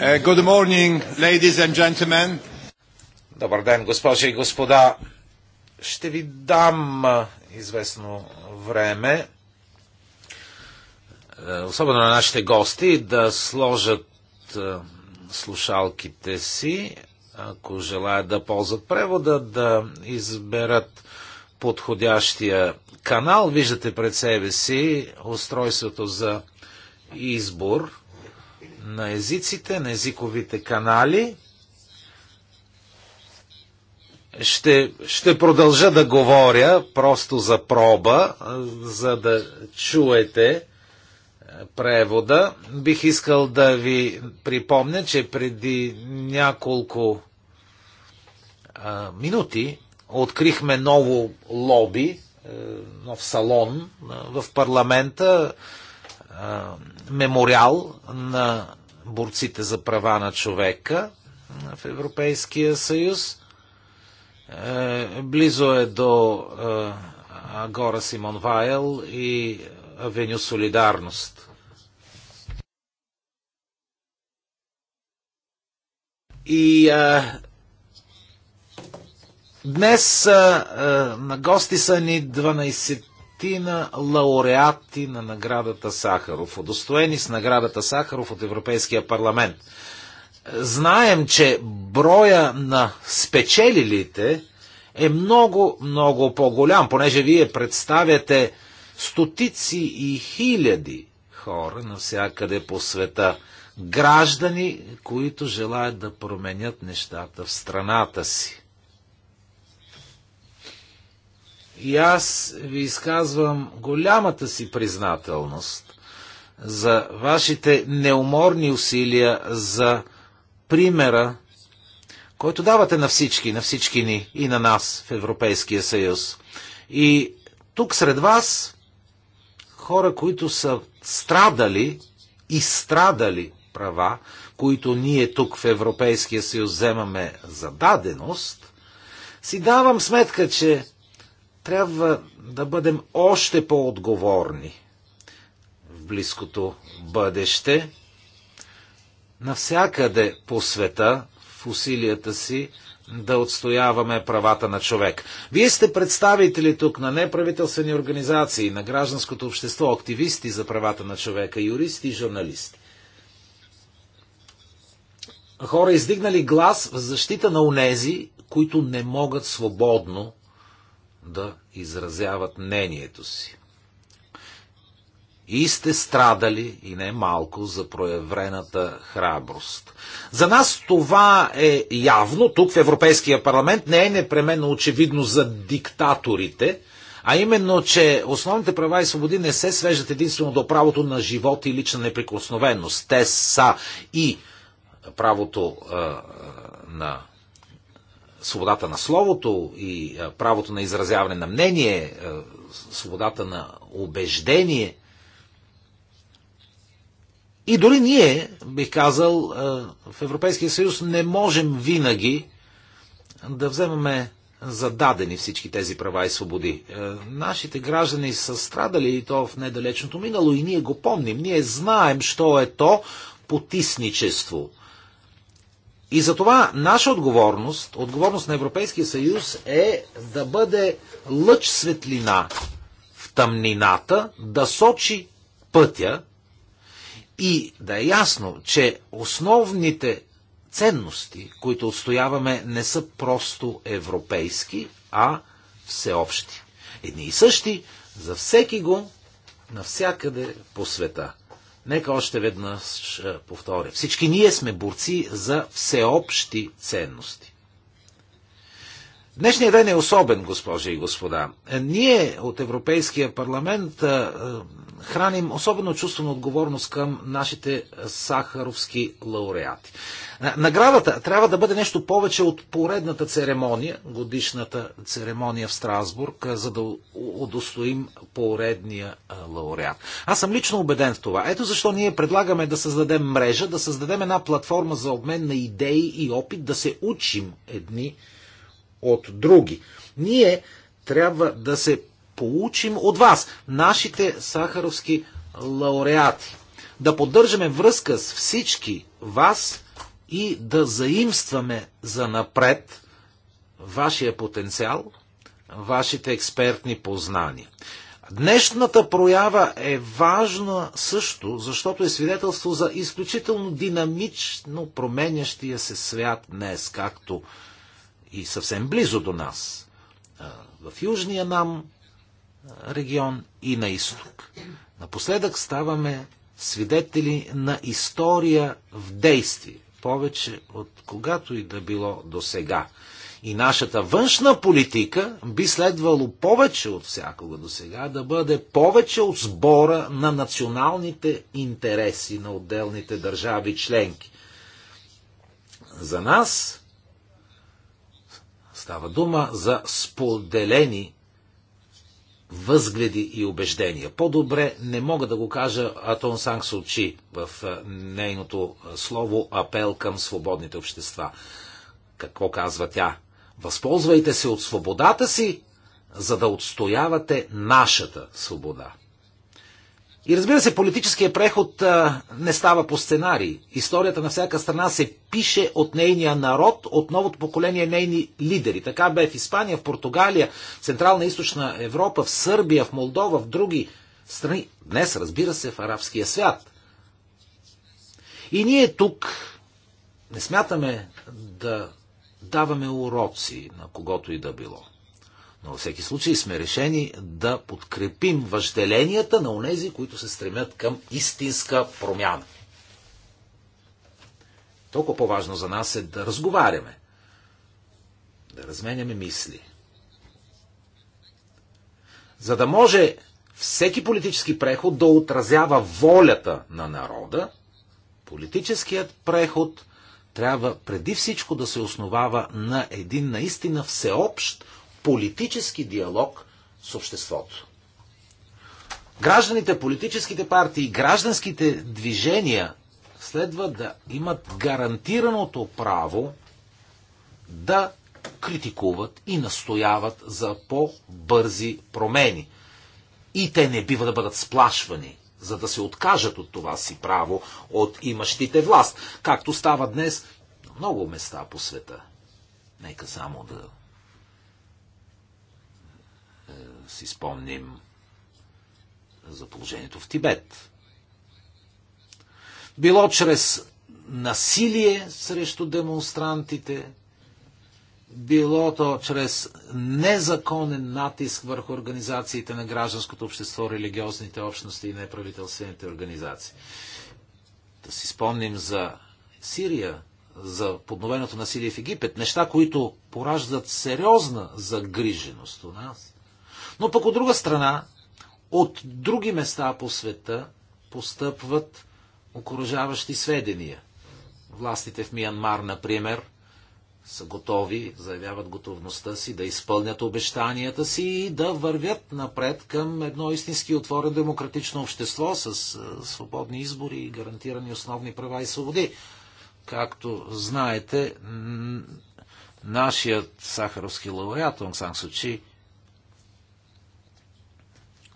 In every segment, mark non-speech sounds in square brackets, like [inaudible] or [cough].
Uh, good morning, ladies and gentlemen. Добър ден, госпожи и господа. Ще ви дам известно време, е, особено на нашите гости, да сложат слушалките си, ако желаят да ползват превода, да изберат подходящия канал. Виждате пред себе си устройството за избор – на езиците, на езиковите канали. Ще, ще продължа да говоря просто за проба, за да чуете е, превода. Бих искал да ви припомня, че преди няколко а, е, минути открихме ново лоби, е, нов салон в парламента, мемориал на борците за права на човека в Европейския съюз. Е, близо е до е, Агора Симон Вайл и Авеню Солидарност. И а, е, днес а, на гости са ни 12 петина лауреати на наградата Сахаров, удостоени с наградата Сахаров от Европейския парламент. Знаем, че броя на спечелилите е много, много по-голям, понеже вие представяте стотици и хиляди хора навсякъде по света. Граждани, които желаят да променят нещата в страната си. И аз ви изказвам голямата си признателност за вашите неуморни усилия за примера, който давате на всички, на всички ни и на нас в Европейския съюз. И тук сред вас хора, които са страдали и страдали права, които ние тук в Европейския съюз вземаме за даденост, си давам сметка, че трябва да бъдем още по-отговорни в близкото бъдеще. Навсякъде по света, в усилията си да отстояваме правата на човек. Вие сте представители тук на неправителствени организации, на гражданското общество, активисти за правата на човека, юристи и журналисти. Хора издигнали глас в защита на унези, които не могат свободно да изразяват мнението си. И сте страдали, и не малко, за прояврената храброст. За нас това е явно, тук в Европейския парламент не е непременно очевидно за диктаторите, а именно, че основните права и свободи не се свеждат единствено до правото на живот и лична неприкосновеност. Те са и правото а, на свободата на словото и правото на изразяване на мнение, свободата на убеждение. И дори ние, бих казал, в Европейския съюз не можем винаги да вземаме зададени всички тези права и свободи. Нашите граждани са страдали и то в недалечното минало и ние го помним. Ние знаем, що е то потисничество, и за това наша отговорност, отговорност на Европейския съюз е да бъде лъч светлина в тъмнината, да сочи пътя и да е ясно, че основните ценности, които отстояваме, не са просто европейски, а всеобщи. Едни и същи за всеки го, навсякъде по света. Нека още веднъж е, повторя. Всички ние сме борци за всеобщи ценности. Днешният ден е особен, госпожи и господа. Е, ние от Европейския парламент е, е, храним особено чувство на отговорност към нашите сахаровски лауреати. Наградата трябва да бъде нещо повече от поредната церемония, годишната церемония в Страсбург, за да удостоим поредния лауреат. Аз съм лично убеден в това. Ето защо ние предлагаме да създадем мрежа, да създадем една платформа за обмен на идеи и опит, да се учим едни от други. Ние трябва да се получим от вас, нашите сахаровски лауреати. Да поддържаме връзка с всички вас и да заимстваме за напред вашия потенциал, вашите експертни познания. Днешната проява е важна също, защото е свидетелство за изключително динамично променящия се свят днес, както и съвсем близо до нас, в южния нам регион и на изток. Напоследък ставаме свидетели на история в действие, повече от когато и да било до сега. И нашата външна политика би следвало повече от всякога до сега да бъде повече от сбора на националните интереси на отделните държави членки. За нас Става дума за споделени възгледи и убеждения. По-добре не мога да го кажа Атон Санг Сочи в нейното слово апел към свободните общества. Какво казва тя? Възползвайте се от свободата си, за да отстоявате нашата свобода. И разбира се, политическия преход а, не става по сценарий. Историята на всяка страна се пише от нейния народ, от новото поколение нейни лидери. Така бе в Испания, в Португалия, в Централна и Източна Европа, в Сърбия, в Молдова, в други страни. Днес, разбира се, в арабския свят. И ние тук не смятаме да даваме уроци на когото и да било. Но във всеки случай сме решени да подкрепим въжделенията на онези, които се стремят към истинска промяна. Толкова по-важно за нас е да разговаряме, да разменяме мисли. За да може всеки политически преход да отразява волята на народа, политическият преход трябва преди всичко да се основава на един наистина всеобщ политически диалог с обществото. Гражданите, политическите партии, гражданските движения следва да имат гарантираното право да критикуват и настояват за по-бързи промени. И те не бива да бъдат сплашвани, за да се откажат от това си право от имащите власт, както става днес на много места по света. Нека само да си спомним за положението в Тибет. Било чрез насилие срещу демонстрантите, било то чрез незаконен натиск върху организациите на гражданското общество, религиозните общности и неправителствените организации. Да си спомним за Сирия, за подновеното насилие в Египет, неща, които пораждат сериозна загриженост у нас. Но пък от друга страна, от други места по света постъпват окоръжаващи сведения. Властите в Миянмар, например, са готови, заявяват готовността си да изпълнят обещанията си и да вървят напред към едно истински отворено демократично общество с е, свободни избори и гарантирани основни права и свободи. Както знаете, нашият сахаровски лауреат Онг Сан Сучи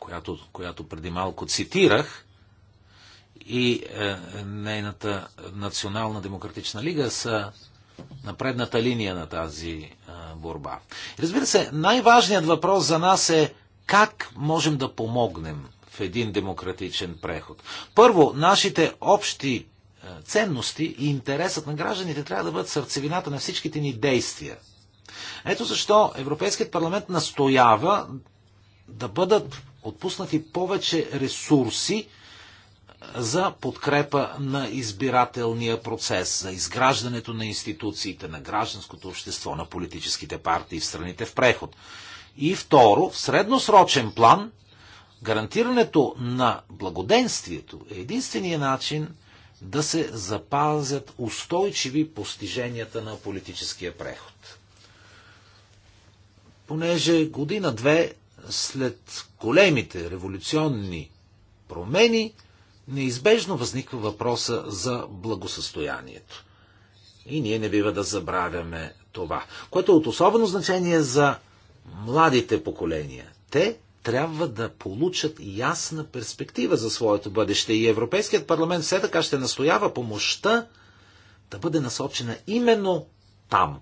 която, която преди малко цитирах, и е, нейната Национална демократична лига са на предната линия на тази е, борба. Разбира се, най-важният въпрос за нас е как можем да помогнем в един демократичен преход. Първо, нашите общи е, ценности и интересът на гражданите трябва да бъдат сърцевината на всичките ни действия. Ето защо Европейският парламент настоява да бъдат отпуснати повече ресурси за подкрепа на избирателния процес, за изграждането на институциите, на гражданското общество, на политическите партии в страните в преход. И второ, в средносрочен план, гарантирането на благоденствието е единствения начин да се запазят устойчиви постиженията на политическия преход. Понеже година-две след големите революционни промени, неизбежно възниква въпроса за благосъстоянието. И ние не бива да забравяме това, което е от особено значение за младите поколения. Те трябва да получат ясна перспектива за своето бъдеще. И Европейският парламент все така ще настоява помощта да бъде насочена именно там,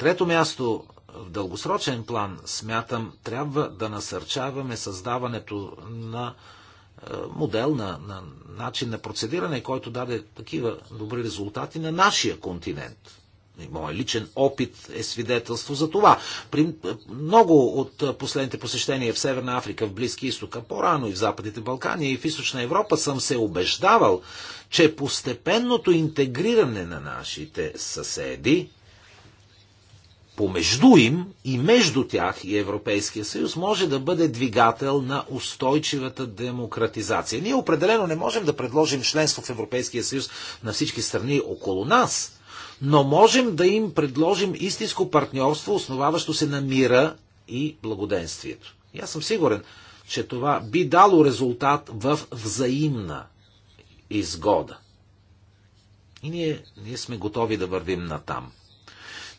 трето място, в дългосрочен план, смятам, трябва да насърчаваме създаването на е, модел, на, на начин на процедиране, който даде такива добри резултати на нашия континент. моят личен опит е свидетелство за това. При е, много от е, последните посещения в Северна Африка, в Близки изток, по-рано и в Западните Балкани и в Източна Европа съм се убеждавал, че постепенното интегриране на нашите съседи помежду им и между тях и Европейския съюз може да бъде двигател на устойчивата демократизация. Ние определено не можем да предложим членство в Европейския съюз на всички страни около нас, но можем да им предложим истинско партньорство, основаващо се на мира и благоденствието. И аз съм сигурен, че това би дало резултат в взаимна изгода. И ние, ние сме готови да вървим натам.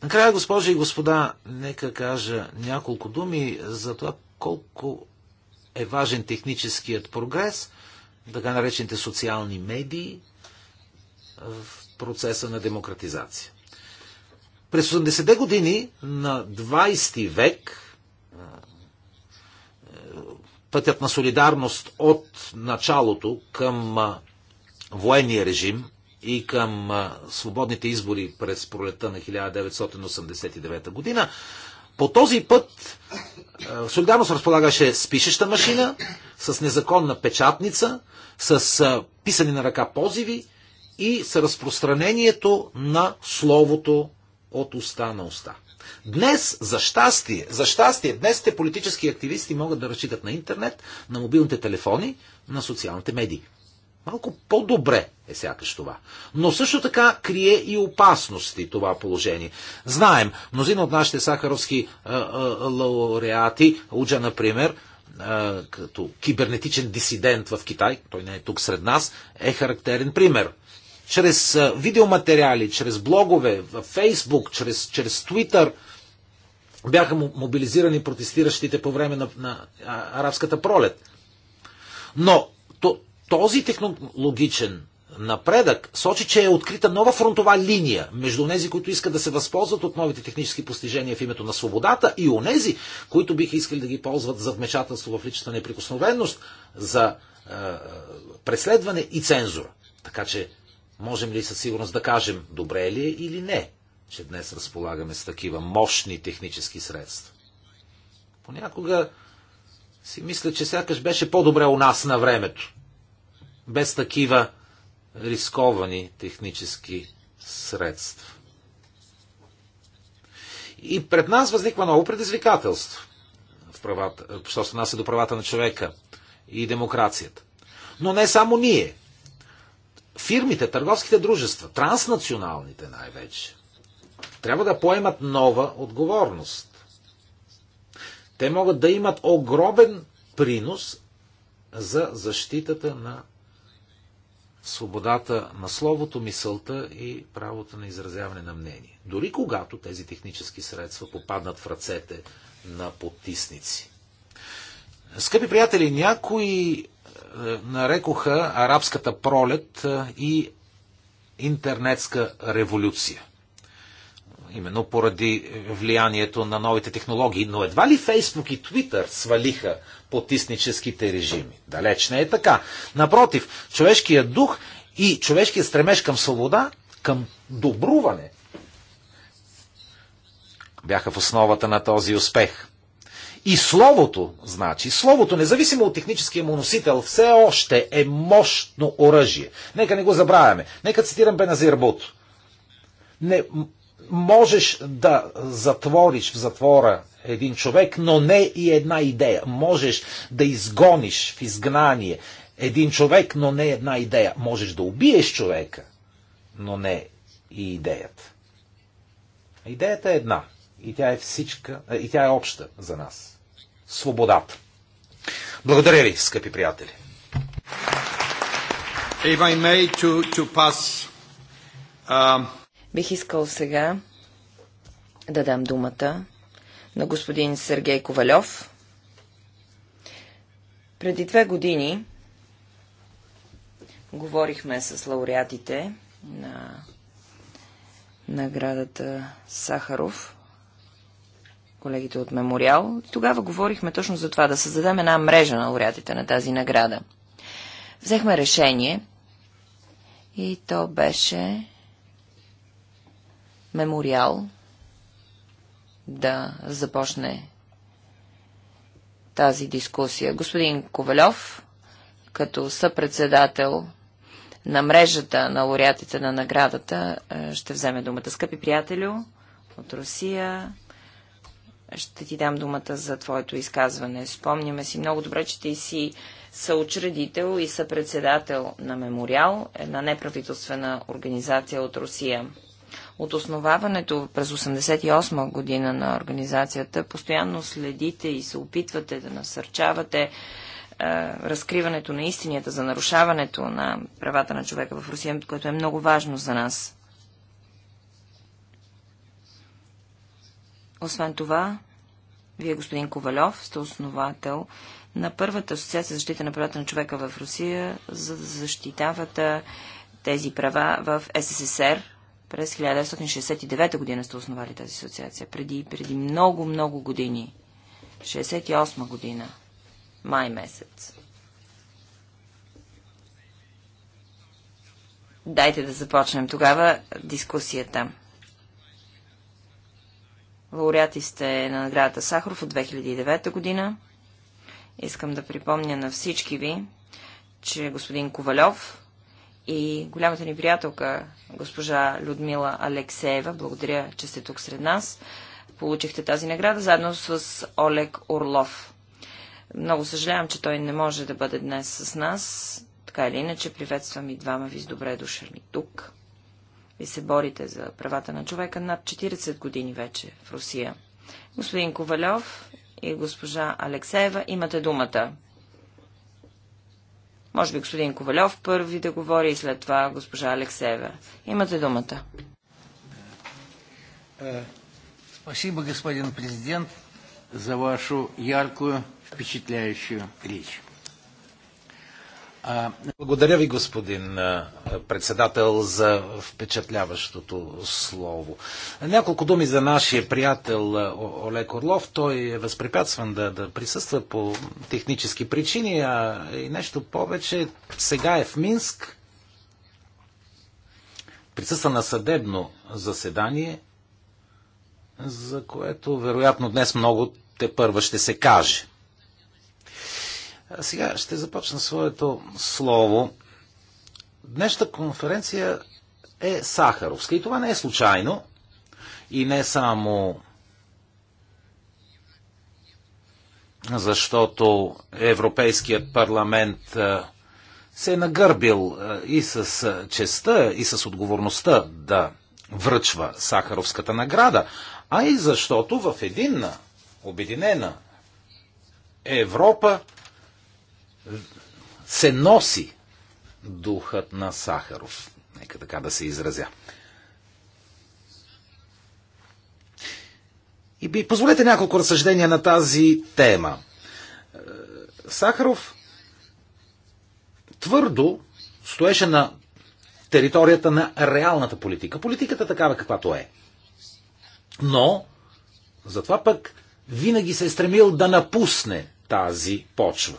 Накрая, госпожи и господа, нека кажа няколко думи за това колко е важен техническият прогрес, така наречените социални медии в процеса на демократизация. През 80-те години на 20 век пътят на солидарност от началото към военния режим и към свободните избори през пролета на 1989 година. По този път Солидарност разполагаше с пишеща машина, с незаконна печатница, с писани на ръка позиви и с разпространението на словото от уста на уста. Днес, за щастие, за щастие, днес те политически активисти могат да разчитат на интернет, на мобилните телефони, на социалните медии. Малко по-добре е сякаш това. Но също така крие и опасности това положение. Знаем, мнозина от нашите сахаровски а, а, лауреати, Уджа, например, а, като кибернетичен дисидент в Китай, той не е тук сред нас, е характерен пример. Чрез а, видеоматериали, чрез блогове, в Фейсбук, чрез, чрез Twitter бяха мобилизирани протестиращите по време на, на арабската пролет. Но този технологичен напредък сочи, че е открита нова фронтова линия между тези, които искат да се възползват от новите технически постижения в името на свободата и онези, които биха искали да ги ползват за вмешателство в личната неприкосновеност, за е, преследване и цензура. Така че можем ли със сигурност да кажем добре ли е или не, че днес разполагаме с такива мощни технически средства? Понякога си мисля, че сякаш беше по-добре у нас на времето без такива рисковани технически средства. И пред нас възниква ново предизвикателство в правата, що се нася до правата на човека и демокрацията. Но не само ние. Фирмите, търговските дружества, транснационалните най-вече, трябва да поемат нова отговорност. Те могат да имат огромен принос за защитата на свободата на словото, мисълта и правото на изразяване на мнение. Дори когато тези технически средства попаднат в ръцете на потисници. Скъпи приятели, някои е, нарекоха арабската пролет е, и интернетска революция именно поради влиянието на новите технологии. Но едва ли Фейсбук и Твитър свалиха потисническите режими? Далеч не е така. Напротив, човешкият дух и човешкият стремеж към свобода, към добруване, бяха в основата на този успех. И словото, значи, словото, независимо от техническия му носител, все още е мощно оръжие. Нека не го забравяме. Нека цитирам Беназир Бут. Не можеш да затвориш в затвора един човек, но не и една идея. Можеш да изгониш в изгнание един човек, но не една идея. Можеш да убиеш човека, но не и идеята. Идеята е една. И тя е всичка, е, и тя е обща за нас. Свободата. Благодаря ви, скъпи приятели. If I may to, to pass, um... Бих искал сега да дам думата на господин Сергей Ковалев. Преди две години говорихме с лауреатите на наградата Сахаров, колегите от Мемориал. Тогава говорихме точно за това да създадем една мрежа на лауреатите на тази награда. Взехме решение и то беше мемориал да започне тази дискусия. Господин Ковалев, като съпредседател на мрежата на лауреатите на наградата, е, ще вземе думата. Скъпи приятелю от Русия, ще ти дам думата за твоето изказване. Спомняме си много добре, че ти си съучредител и съпредседател на Мемориал, една неправителствена организация от Русия. От основаването през 1988 година на организацията постоянно следите и се опитвате да насърчавате е, разкриването на истинията за нарушаването на правата на човека в Русия, което е много важно за нас. Освен това, вие, господин Ковалев, сте основател на първата асоциация за защита на правата на човека в Русия, за да защитавате тези права в СССР през 1969 година сте основали тази асоциация. Преди, преди много, много години. 68 година. Май месец. Дайте да започнем тогава дискусията. Лауреати сте на наградата Сахаров от 2009 година. Искам да припомня на всички ви, че господин Ковалев и голямата ни приятелка, госпожа Людмила Алексеева. Благодаря, че сте тук сред нас. Получихте тази награда заедно с Олег Орлов. Много съжалявам, че той не може да бъде днес с нас. Така или иначе, приветствам и двама ви с добре дошли тук. И се борите за правата на човека над 40 години вече в Русия. Господин Ковалев и госпожа Алексеева, имате думата. Може би господин Ковалев първи да говори и след това госпожа Алексеева. Имате думата. Е, спасибо, господин президент, за вашу яркую, впечатляющую речь. Благодаря ви, господин председател, за впечатляващото слово. Няколко думи за нашия приятел Олег Орлов. Той е възпрепятстван да, да присъства по технически причини, а и нещо повече. Сега е в Минск. Присъства на съдебно заседание, за което вероятно днес много те първа ще се каже. Сега ще започна своето слово. Днешната конференция е Сахаровска и това не е случайно и не само защото Европейският парламент се е нагърбил и с честа, и с отговорността да връчва Сахаровската награда, а и защото в единна, обединена Европа се носи духът на Сахаров. Нека така да се изразя. И би, позволете няколко разсъждения на тази тема. Е, Сахаров твърдо стоеше на територията на реалната политика. Политиката такава каквато е. Но, затова пък винаги се е стремил да напусне тази почва.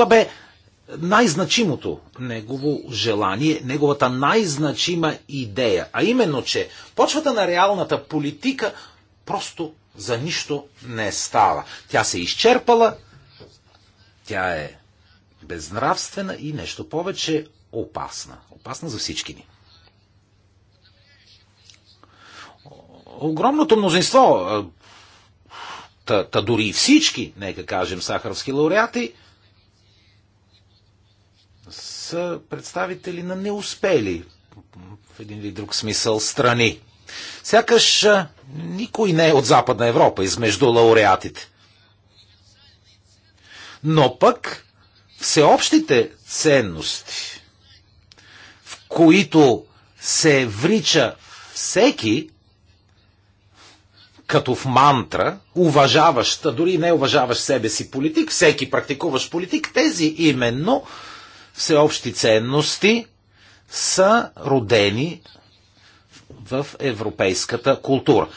Това бе най-значимото негово желание, неговата най-значима идея, а именно, че почвата на реалната политика просто за нищо не става. Тя се е изчерпала, тя е безнравствена и нещо повече опасна. Опасна за всички ни. Огромното мнозинство, та, та дори и всички, нека кажем, сахаровски лауреати – са представители на неуспели в един или друг смисъл страни. Сякаш никой не е от Западна Европа измежду лауреатите. Но пък всеобщите ценности, в които се врича всеки, като в мантра, уважаваща, дори не уважаващ себе си политик, всеки практикуващ политик, тези именно всеобщи ценности са родени в европейската култура.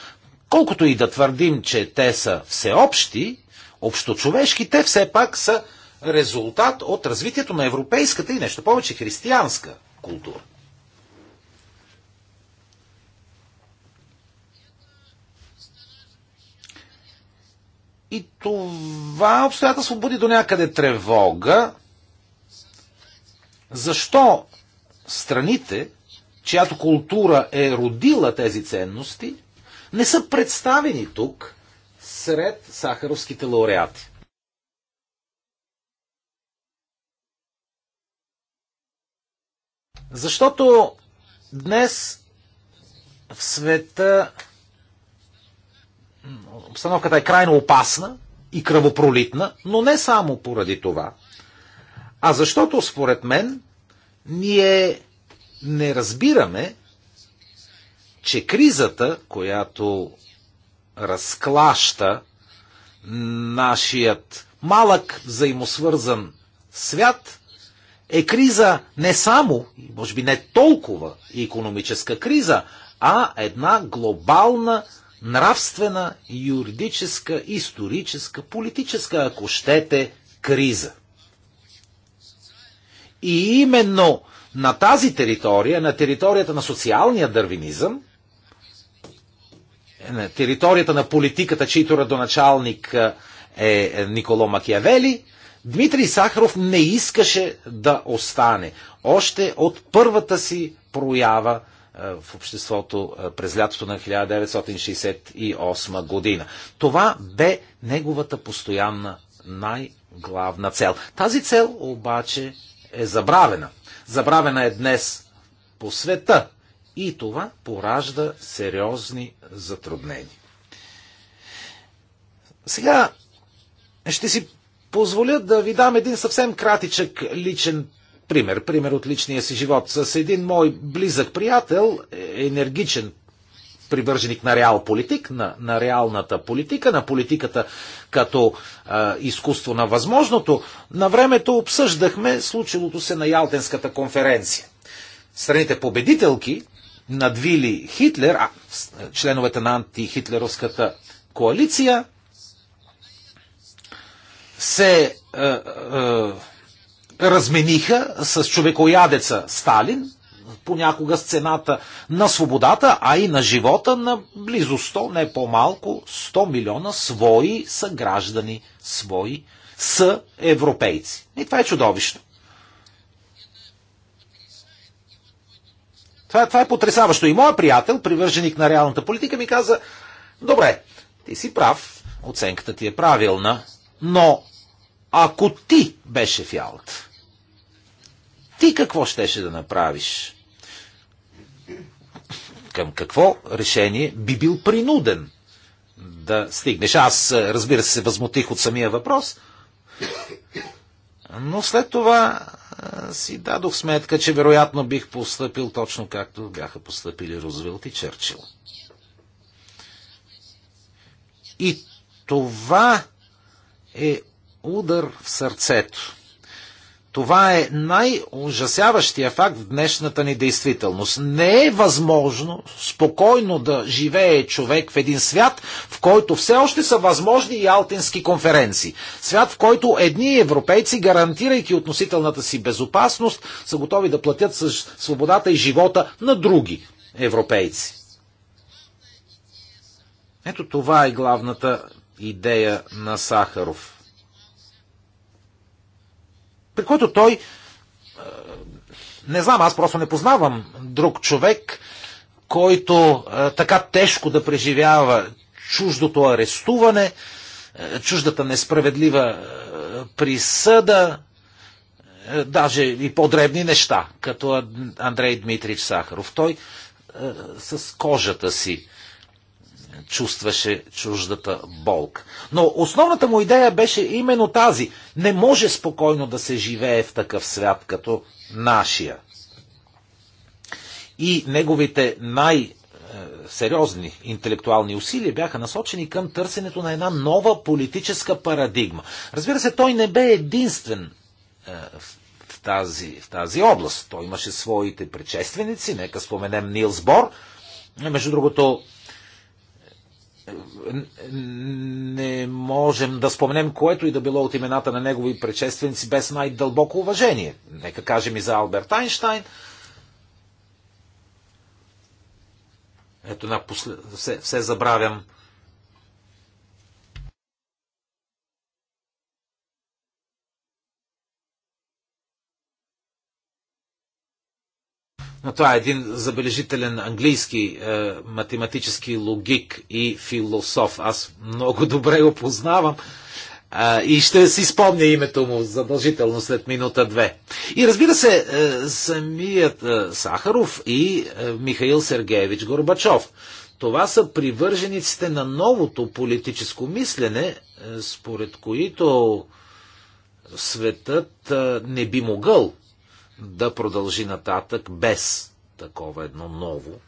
Колкото и да твърдим, че те са всеобщи, общочовешки, те все пак са резултат от развитието на европейската и нещо повече християнска култура. И това обстоятелство буди до някъде тревога, защо страните, чиято култура е родила тези ценности, не са представени тук сред сахаровските лауреати? Защото днес в света обстановката е крайно опасна и кръвопролитна, но не само поради това а защото, според мен, ние не разбираме, че кризата, която разклаща нашият малък взаимосвързан свят, е криза не само, може би не толкова економическа криза, а една глобална нравствена, юридическа, историческа, политическа, ако щете, криза. И именно на тази територия, на територията на социалния дървинизъм, е, на територията на политиката, чийто родоначалник е, е Николо Макиявели, Дмитрий Сахаров не искаше да остане. Още от първата си проява е, в обществото през лятото на 1968 година. Това бе неговата постоянна най-главна цел. Тази цел обаче е забравена. Забравена е днес по света. И това поражда сериозни затруднения. Сега ще си позволя да ви дам един съвсем кратичък личен пример. Пример от личния си живот. С един мой близък приятел, е енергичен привърженик на реал политик, на, на реалната политика, на политиката като а, изкуство на възможното, на времето обсъждахме случилото се на Ялтенската конференция. Страните победителки надвили Хитлер, а, е, членовете на антихитлеровската коалиция, се е, е, размениха с човекоядеца Сталин, понякога с цената на свободата, а и на живота на близо 100, не по-малко, 100 милиона свои граждани, свои са европейци. И това е чудовищно. Това, това е потрясаващо. И моя приятел, привърженик на реалната политика, ми каза, добре, ти си прав, оценката ти е правилна, но ако ти беше фиалът, ти какво щеше да направиш? към какво решение би бил принуден да стигнеш. Аз, е, разбира се, се възмутих от самия въпрос, но след това е, си дадох сметка, че вероятно бих поступил точно както бяха поступили Рузвелт и Черчил. И това е удар в сърцето. Това е най-ужасяващия факт в днешната ни действителност. Не е възможно спокойно да живее човек в един свят, в който все още са възможни и алтински конференции. Свят, в който едни европейци, гарантирайки относителната си безопасност, са готови да платят с свободата и живота на други европейци. Ето това е главната идея на Сахаров – при който той, е, не знам, аз просто не познавам друг човек, който е, така тежко да преживява чуждото арестуване, е, чуждата несправедлива присъда, даже и по-дребни неща, като Андрей Дмитрич Сахаров. Той с кожата си чувстваше чуждата болка. Но основната му идея беше именно тази. Не може спокойно да се живее в такъв свят като нашия. И неговите най- сериозни интелектуални усилия бяха насочени към търсенето на една нова политическа парадигма. Разбира се, той не бе единствен е, в тази, в тази област. Той имаше своите предшественици, нека споменем Нилс Бор. Между другото, не можем да споменем което и да било от имената на негови предшественици без най-дълбоко уважение. Нека кажем и за Алберт Айнштайн. Ето, на все, все забравям Това е един забележителен английски е, математически логик и философ. Аз много добре го познавам е, и ще си спомня името му задължително след минута-две. И разбира се, е, самият е, Сахаров и е, Михаил Сергеевич Горбачов. Това са привържениците на новото политическо мислене, е, според които светът е, не би могъл да продължи нататък без такова едно ново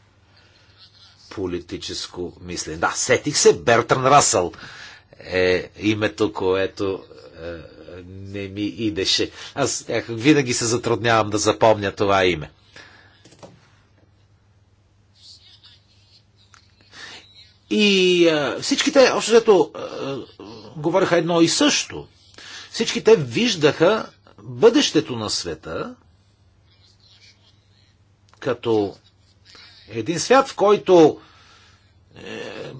политическо мислене. Да, сетих се, Бертран Расъл е името, което е, не ми идеше. Аз някак винаги се затруднявам да запомня това име. И е, всичките, общо взето, е, говориха едно и също. Всички те виждаха бъдещето на света като един свят, в който е,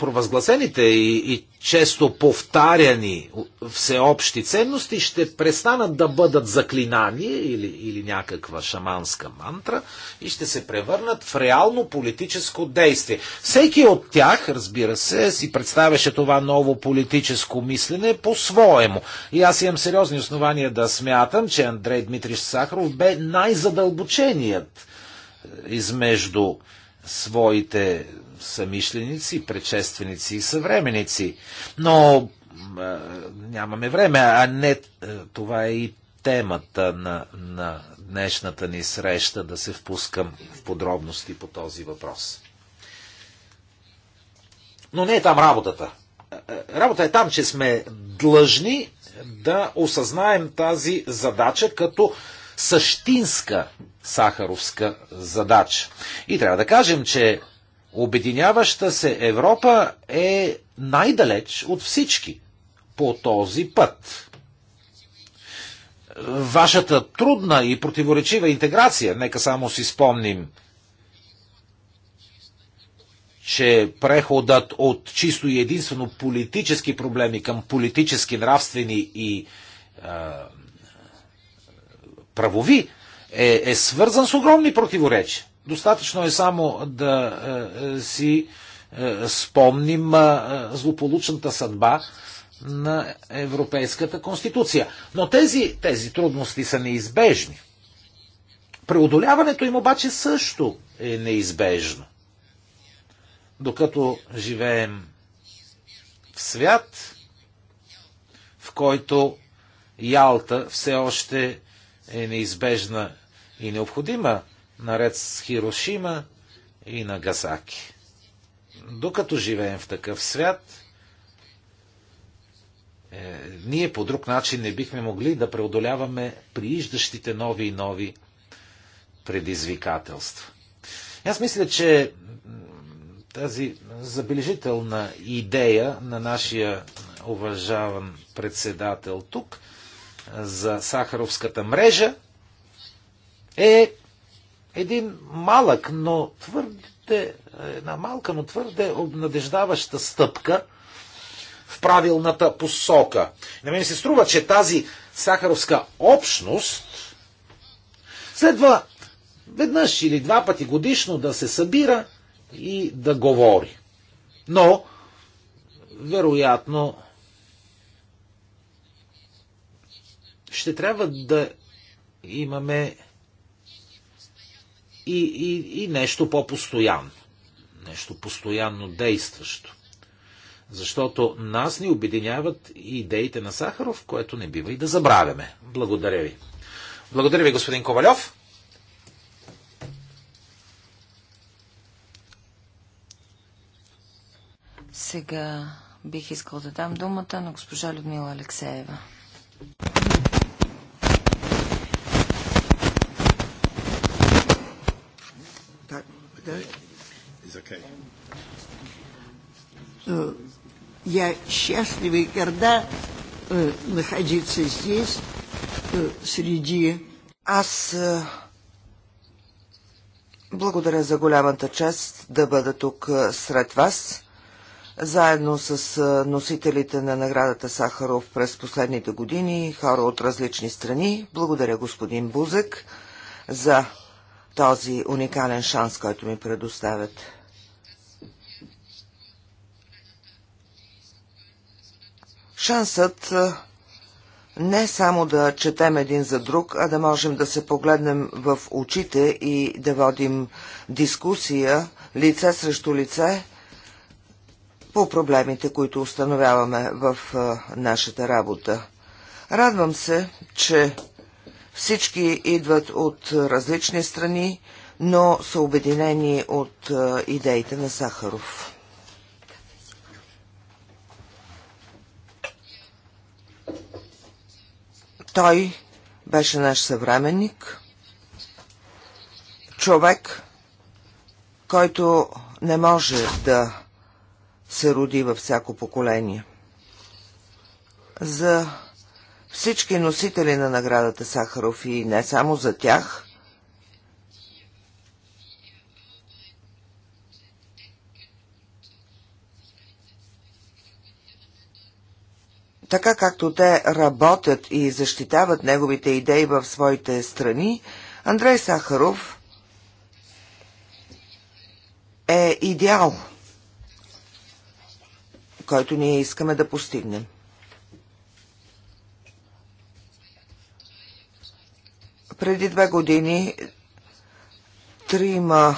провъзгласените и, и често повтаряни всеобщи ценности ще престанат да бъдат заклинание или, или някаква шаманска мантра и ще се превърнат в реално политическо действие. Всеки от тях, разбира се, си представяше това ново политическо мислене по-своему. И аз имам сериозни основания да смятам, че Андрей Дмитрич Сахаров бе най-задълбоченият е, измежду своите самишленици, предшественици и съвременици. Но а, нямаме време, а не това е и темата на, на днешната ни среща, да се впускам в подробности по този въпрос. Но не е там работата. Работа е там, че сме длъжни да осъзнаем тази задача като същинска сахаровска задача. И трябва да кажем, че Обединяваща се Европа е най-далеч от всички по този път. Вашата трудна и противоречива интеграция, нека само си спомним, че преходът от чисто и единствено политически проблеми към политически, нравствени и е, правови е, е свързан с огромни противоречия. Достатъчно е само да е, си е, спомним е, злополучната съдба на Европейската конституция. Но тези, тези трудности са неизбежни. Преодоляването им обаче също е неизбежно. Докато живеем в свят, в който Ялта все още е неизбежна и необходима наред с Хирошима и Нагасаки. Докато живеем в такъв свят, е, ние по друг начин не бихме могли да преодоляваме прииждащите нови и нови предизвикателства. Аз мисля, че тази забележителна идея на нашия уважаван председател тук за Сахаровската мрежа е един малък, но твърде, една малка, но твърде обнадеждаваща стъпка в правилната посока. На мен се струва, че тази сахаровска общност следва веднъж или два пъти годишно да се събира и да говори. Но, вероятно, ще трябва да имаме и, и, и нещо по-постоянно. Нещо постоянно действащо. Защото нас ни обединяват идеите на Сахаров, което не бива и да забравяме. Благодаря ви. Благодаря ви, господин Ковалев. Сега бих искал да дам думата на госпожа Людмила Алексеева. okay? It's okay. Е, я счастлива и горда е, находиться здесь, е, среди... Аз благодаря за голямата чест да бъда тук сред вас заедно с носителите на наградата Сахаров през последните години, хора от различни страни. Благодаря господин Бузек за този уникален шанс, който ми предоставят. Шансът не само да четем един за друг, а да можем да се погледнем в очите и да водим дискусия лице срещу лице по проблемите, които установяваме в нашата работа. Радвам се, че всички идват от различни страни, но са обединени от е, идеите на Сахаров. Той беше наш съвременник, човек, който не може да се роди във всяко поколение. За всички носители на наградата Сахаров и не само за тях, така както те работят и защитават неговите идеи в своите страни, Андрей Сахаров е идеал, който ние искаме да постигнем. Преди две години трима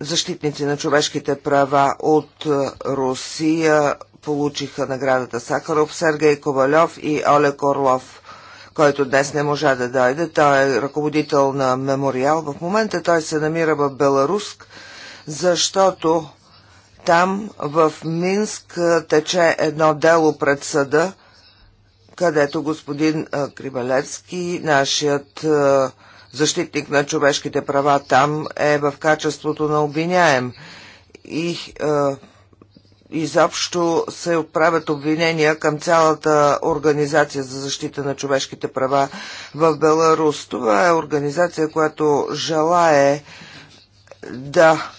защитници на човешките права от Русия получиха наградата Сахаров, Сергей Ковалев и Олег Орлов, който днес не можа да дойде. Той е ръководител на мемориал. В момента той се намира в Беларуск, защото там в Минск тече едно дело пред съда – където господин Кривалевски, нашият защитник на човешките права там е в качеството на обвиняем. И изобщо се отправят обвинения към цялата Организация за защита на човешките права в Беларус. Това е организация, която желае да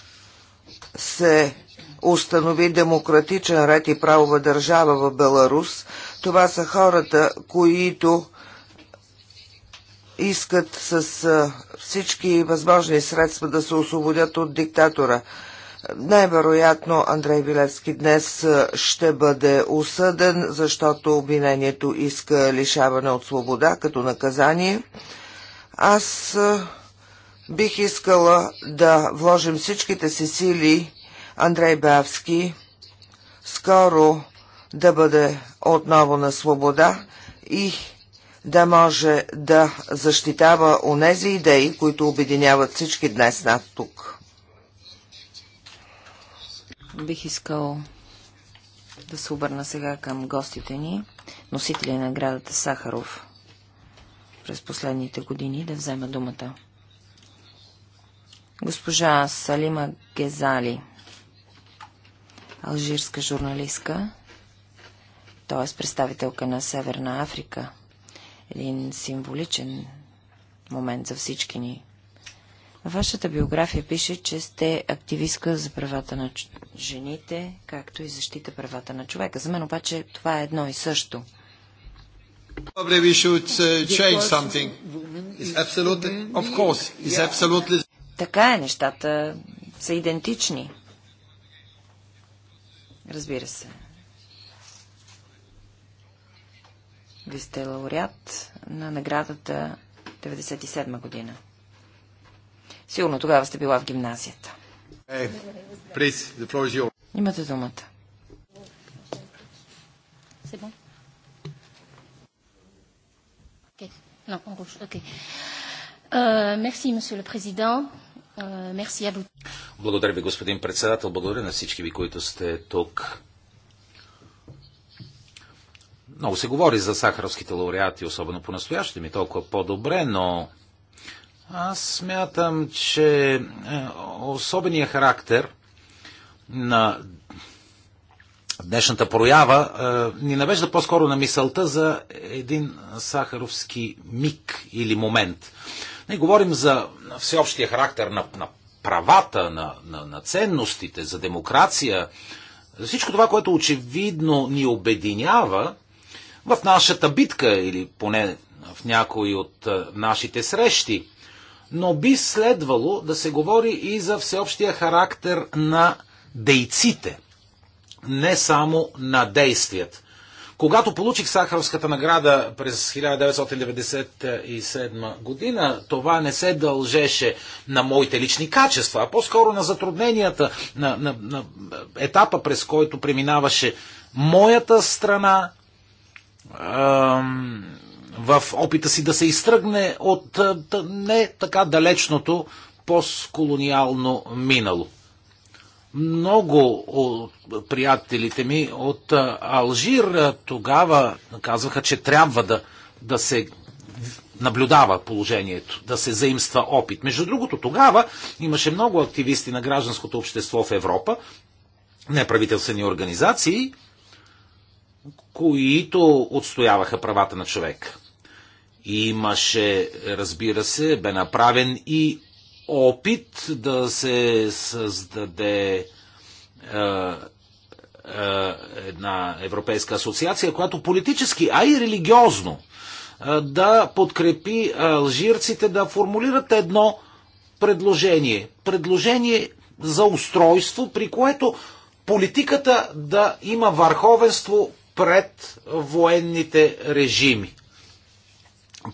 се установи демократичен ред и правова държава в Беларус – това са хората, които искат с всички възможни средства да се освободят от диктатора. Най-вероятно Андрей Вилевски днес ще бъде осъден, защото обвинението иска лишаване от свобода като наказание. Аз бих искала да вложим всичките си сили Андрей Бавски скоро да бъде отново на свобода и да може да защитава онези идеи, които обединяват всички днес над тук. Бих искал да се обърна сега към гостите ни, носители на наградата Сахаров през последните години, да взема думата. Госпожа Салима Гезали, алжирска журналистка, т.е. представителка на Северна Африка. Един символичен момент за всички ни. В вашата биография пише, че сте активистка за правата на жените, както и защита правата на човека. За мен обаче това е едно и също. Probably we should uh, change something. It's absolutely, of course, it's absolutely... Така е, нещата са идентични. Разбира се. Ви сте лауреат на наградата 97 година. Сигурно тогава сте била в гимназията. Е, hey, please, Имате думата. Euh, euh, Благодаря ви, господин председател. Благодаря на всички ви, които сте тук. Много се говори за сахаровските лауреати, особено по-настоящем ми толкова по-добре, но аз смятам, че е, особения характер на днешната проява е, ни навежда по-скоро на мисълта за един сахаровски миг или момент. Не говорим за всеобщия характер на, на правата, на, на, на ценностите, за демокрация, за всичко това, което очевидно ни обединява – в нашата битка или поне в някои от нашите срещи, но би следвало да се говори и за всеобщия характер на дейците, не само на действията. Когато получих Сахаровската награда през 1997 година, това не се дължеше на моите лични качества, а по-скоро на затрудненията, на, на, на етапа, през който преминаваше моята страна в опита си да се изтръгне от не така далечното постколониално минало. Много от приятелите ми от Алжир тогава казваха, че трябва да, да се наблюдава положението, да се заимства опит. Между другото, тогава имаше много активисти на гражданското общество в Европа, неправителствени организации, които отстояваха правата на човек. Имаше, разбира се, бе направен и опит да се създаде е, е, една европейска асоциация, която политически, а и религиозно е, да подкрепи алжирците да формулират едно предложение. Предложение за устройство, при което политиката да има върховенство пред военните режими.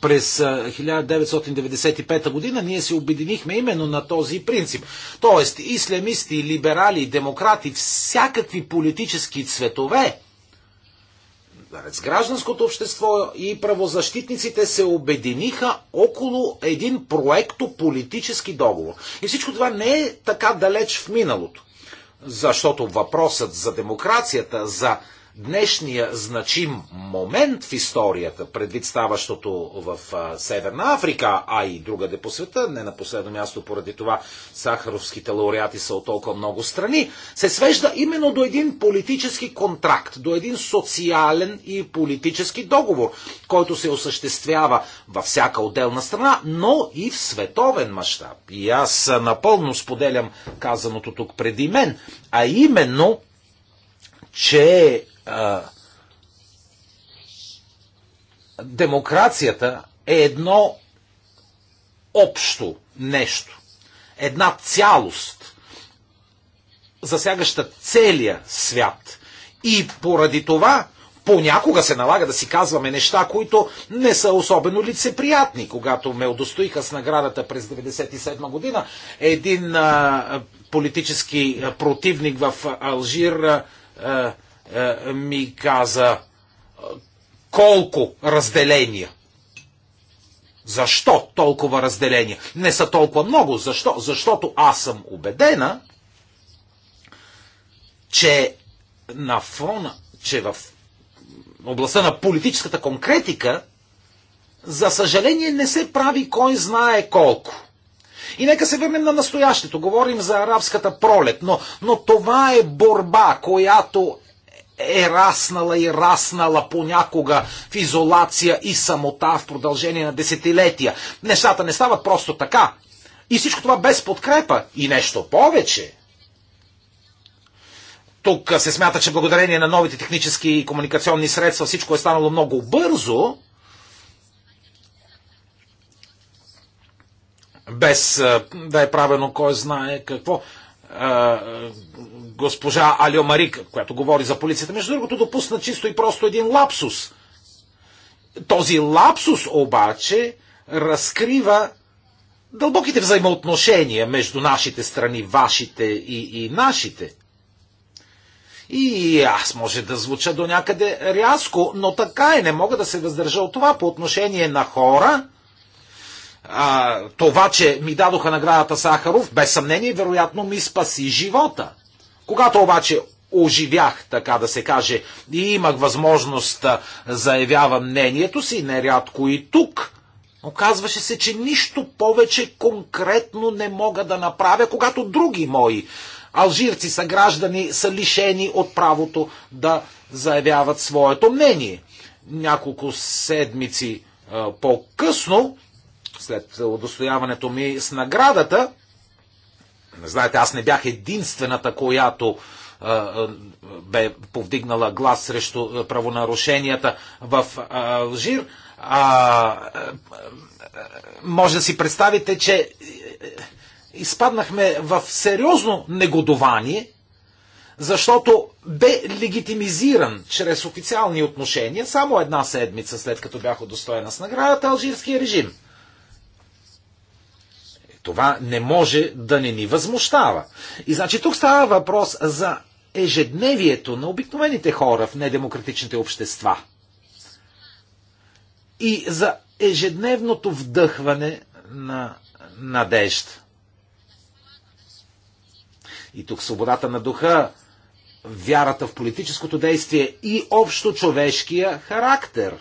През 1995 година ние се обединихме именно на този принцип. Тоест, ислямисти, либерали, демократи, всякакви политически цветове, с гражданското общество и правозащитниците се обединиха около един проекто политически договор. И всичко това не е така далеч в миналото. Защото въпросът за демокрацията, за днешния значим момент в историята, предвид ставащото в Северна Африка, а и другаде по света, не на последно място поради това сахаровските лауреати са от толкова много страни, се свежда именно до един политически контракт, до един социален и политически договор, който се осъществява във всяка отделна страна, но и в световен мащаб. И аз напълно споделям казаното тук преди мен, а именно че демокрацията е едно общо нещо, една цялост, засягаща целия свят. И поради това понякога се налага да си казваме неща, които не са особено лицеприятни. Когато ме удостоиха с наградата през 1997 година, един а, политически противник в Алжир а, е, ми каза колко разделения. Защо толкова разделения? Не са толкова много. Защо? Защото аз съм убедена, че на фона, че в областта на политическата конкретика, за съжаление не се прави кой знае колко. И нека се върнем на настоящето. Говорим за арабската пролет, но, но това е борба, която е раснала и раснала понякога в изолация и самота в продължение на десетилетия. Нещата не стават просто така. И всичко това без подкрепа. И нещо повече. Тук се смята, че благодарение на новите технически и комуникационни средства всичко е станало много бързо, без да е правено кой знае какво госпожа Алио Марик, която говори за полицията, между другото допусна чисто и просто един лапсус. Този лапсус обаче разкрива дълбоките взаимоотношения между нашите страни, вашите и, и нашите. И аз може да звуча до някъде рязко, но така е, не мога да се въздържа от това по отношение на хора, а, това, че ми дадоха наградата Сахаров, без съмнение, вероятно ми спаси живота. Когато обаче оживях, така да се каже, и имах възможност да заявявам мнението си, нерядко и тук, оказваше се, че нищо повече конкретно не мога да направя, когато други мои алжирци са граждани, са лишени от правото да заявяват своето мнение. Няколко седмици по-късно след удостояването ми с наградата. Знаете, аз не бях единствената, която е, е, бе повдигнала глас срещу е, правонарушенията в Алжир. може да си представите, че изпаднахме в сериозно негодование, защото бе легитимизиран чрез официални отношения само една седмица след като бях удостоена с наградата алжирския режим. Това не може да не ни възмущава. И значи тук става въпрос за ежедневието на обикновените хора в недемократичните общества. И за ежедневното вдъхване на надежда. И тук свободата на духа, вярата в политическото действие и общо човешкия характер.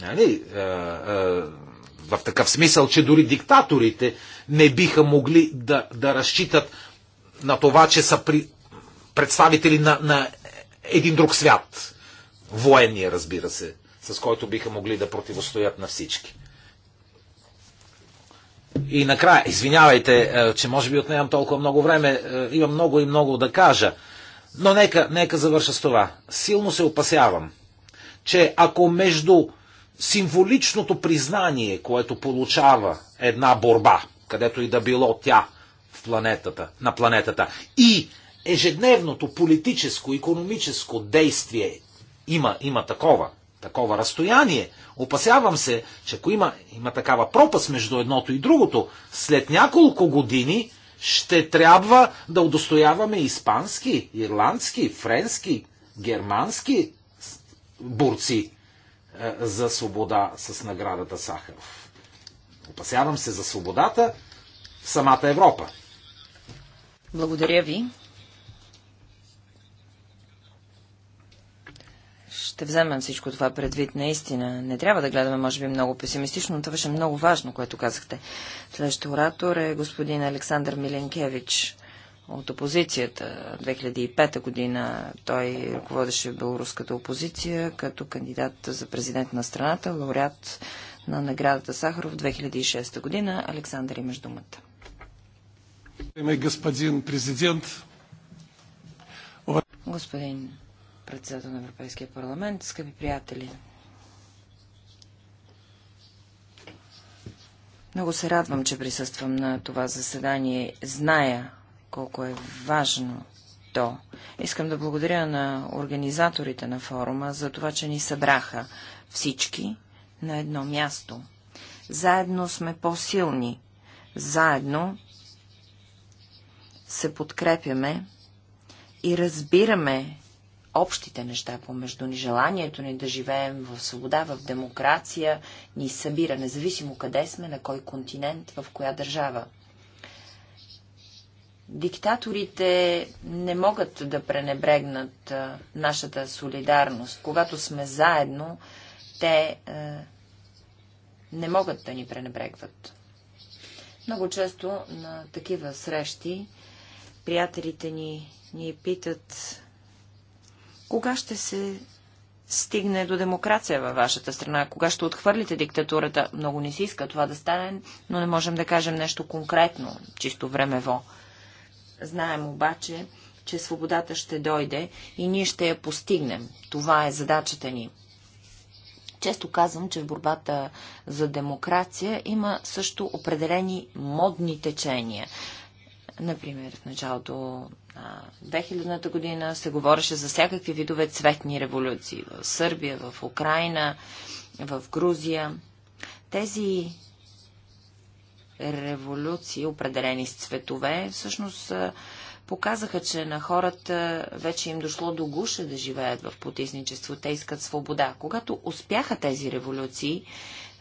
Нали? Е, е, в такъв смисъл, че дори диктаторите не биха могли да, да разчитат на това, че са при, представители на, на един друг свят. Военния, разбира се, с който биха могли да противостоят на всички. И накрая, извинявайте, е, че може би отнемам толкова много време, е, имам много и много да кажа, но нека, нека завърша с това. Силно се опасявам, че ако между символичното признание, което получава една борба, където и да било тя в планетата, на планетата, и ежедневното политическо, економическо действие има, има такова, такова разстояние. Опасявам се, че ако има, има такава пропаст между едното и другото, след няколко години ще трябва да удостояваме испански, ирландски, френски, германски борци е, за свобода с наградата Сахаров. Опасявам се за свободата в самата Европа. Благодаря ви. ще вземем всичко това предвид, наистина. Не трябва да гледаме, може би, много песимистично, но това беше много важно, което казахте. Следващия оратор е господин Александър Миленкевич от опозицията. 2005 година той ръководеше белоруската опозиция като кандидат за президент на страната, лауреат на наградата Сахаров 2006 година. Александър имаш думата. Господин президент, господин председател на Европейския парламент, скъпи приятели, много се радвам, че присъствам на това заседание. Зная колко е важно то. Искам да благодаря на организаторите на форума за това, че ни събраха всички на едно място. Заедно сме по-силни. Заедно се подкрепяме и разбираме общите неща помежду ни, желанието ни да живеем в свобода, в демокрация, ни събира, независимо къде сме, на кой континент, в коя държава. Диктаторите не могат да пренебрегнат нашата солидарност. Когато сме заедно, те е, не могат да ни пренебрегват. Много често на такива срещи приятелите ни ни питат кога ще се стигне до демокрация във вашата страна, кога ще отхвърлите диктатурата. Много не си иска това да стане, но не можем да кажем нещо конкретно, чисто времево. Знаем обаче, че свободата ще дойде и ние ще я постигнем. Това е задачата ни. Често казвам, че в борбата за демокрация има също определени модни течения. Например, в началото на 2000-та година се говореше за всякакви видове цветни революции в Сърбия, в Украина, в Грузия. Тези революции, определени с цветове, всъщност показаха, че на хората вече им дошло до гуша да живеят в потисничество. Те искат свобода. Когато успяха тези революции,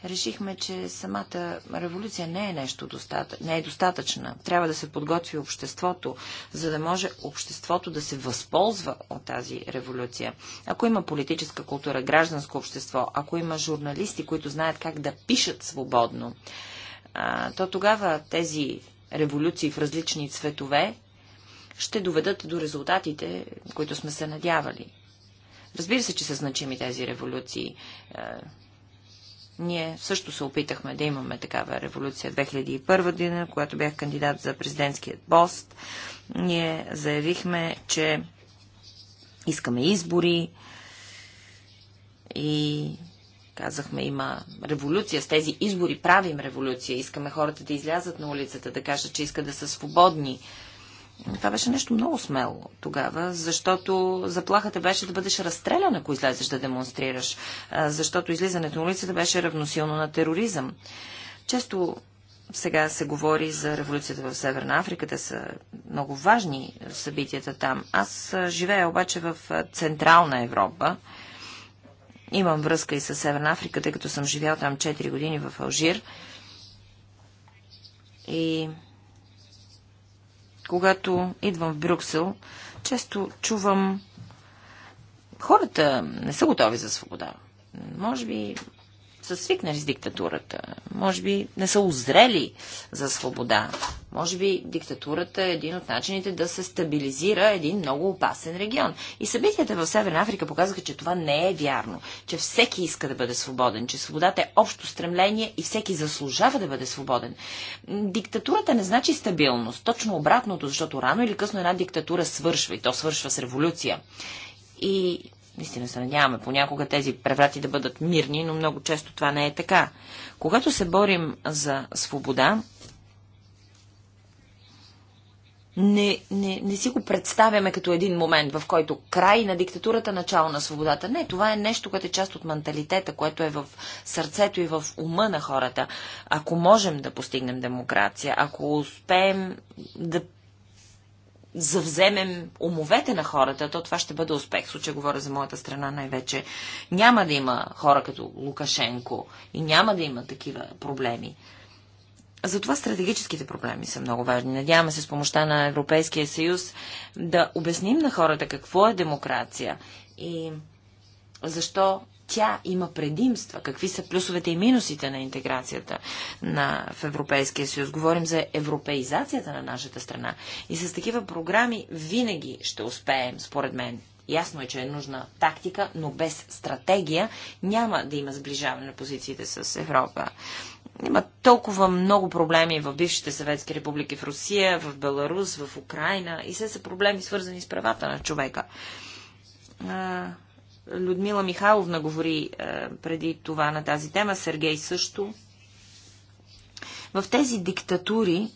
решихме, че самата революция не е, нещо достатъчно, не е достатъчна. Трябва да се подготви обществото, за да може обществото да се възползва от тази революция. Ако има политическа култура, гражданско общество, ако има журналисти, които знаят как да пишат свободно, а, то тогава тези революции в различни цветове ще доведат до резултатите, които сме се надявали. Разбира се, че са значими тези революции. ние също се опитахме да имаме такава революция 2001 година, когато бях кандидат за президентският пост. Ние заявихме, че искаме избори и Казахме, има революция, с тези избори правим революция, искаме хората да излязат на улицата, да кажат, че искат да са свободни. Това беше нещо много смело тогава, защото заплахата беше да бъдеш разстрелян, ако излезеш да демонстрираш, защото излизането на улицата беше равносилно на тероризъм. Често сега се говори за революцията в Северна Африка, те са много важни събитията там. Аз живея обаче в Централна Европа Имам връзка и с Северна Африка, тъй като съм живял там 4 години в Алжир. И когато идвам в Брюксел, често чувам хората не са готови за свобода. Може би са свикнали с диктатурата. Може би не са озрели за свобода. Може би диктатурата е един от начините да се стабилизира един много опасен регион. И събитията в Северна Африка показаха, че това не е вярно. Че всеки иска да бъде свободен. Че свободата е общо стремление и всеки заслужава да бъде свободен. Диктатурата не значи стабилност. Точно обратното, защото рано или късно една диктатура свършва и то свършва с революция. И Наистина се надяваме понякога тези преврати да бъдат мирни, но много често това не е така. Когато се борим за свобода, не, не, не си го представяме като един момент, в който край на диктатурата, начало на свободата. Не, това е нещо, което е част от менталитета, което е в сърцето и в ума на хората. Ако можем да постигнем демокрация, ако успеем да завземем умовете на хората, то това ще бъде успех. В говоря за моята страна най-вече. Няма да има хора като Лукашенко и няма да има такива проблеми. Затова стратегическите проблеми са много важни. Надяваме се с помощта на Европейския съюз да обясним на хората какво е демокрация и защо тя има предимства? Какви са плюсовете и минусите на интеграцията на, в Европейския съюз? Говорим за европеизацията на нашата страна. И с такива програми винаги ще успеем, според мен. Ясно е, че е нужна тактика, но без стратегия няма да има сближаване на позициите с Европа. Има толкова много проблеми в бившите съветски републики, в Русия, в Беларус, в Украина и все са проблеми свързани с правата на човека Людмила Михайловна говори е, преди това на тази тема, Сергей също. В тези диктатури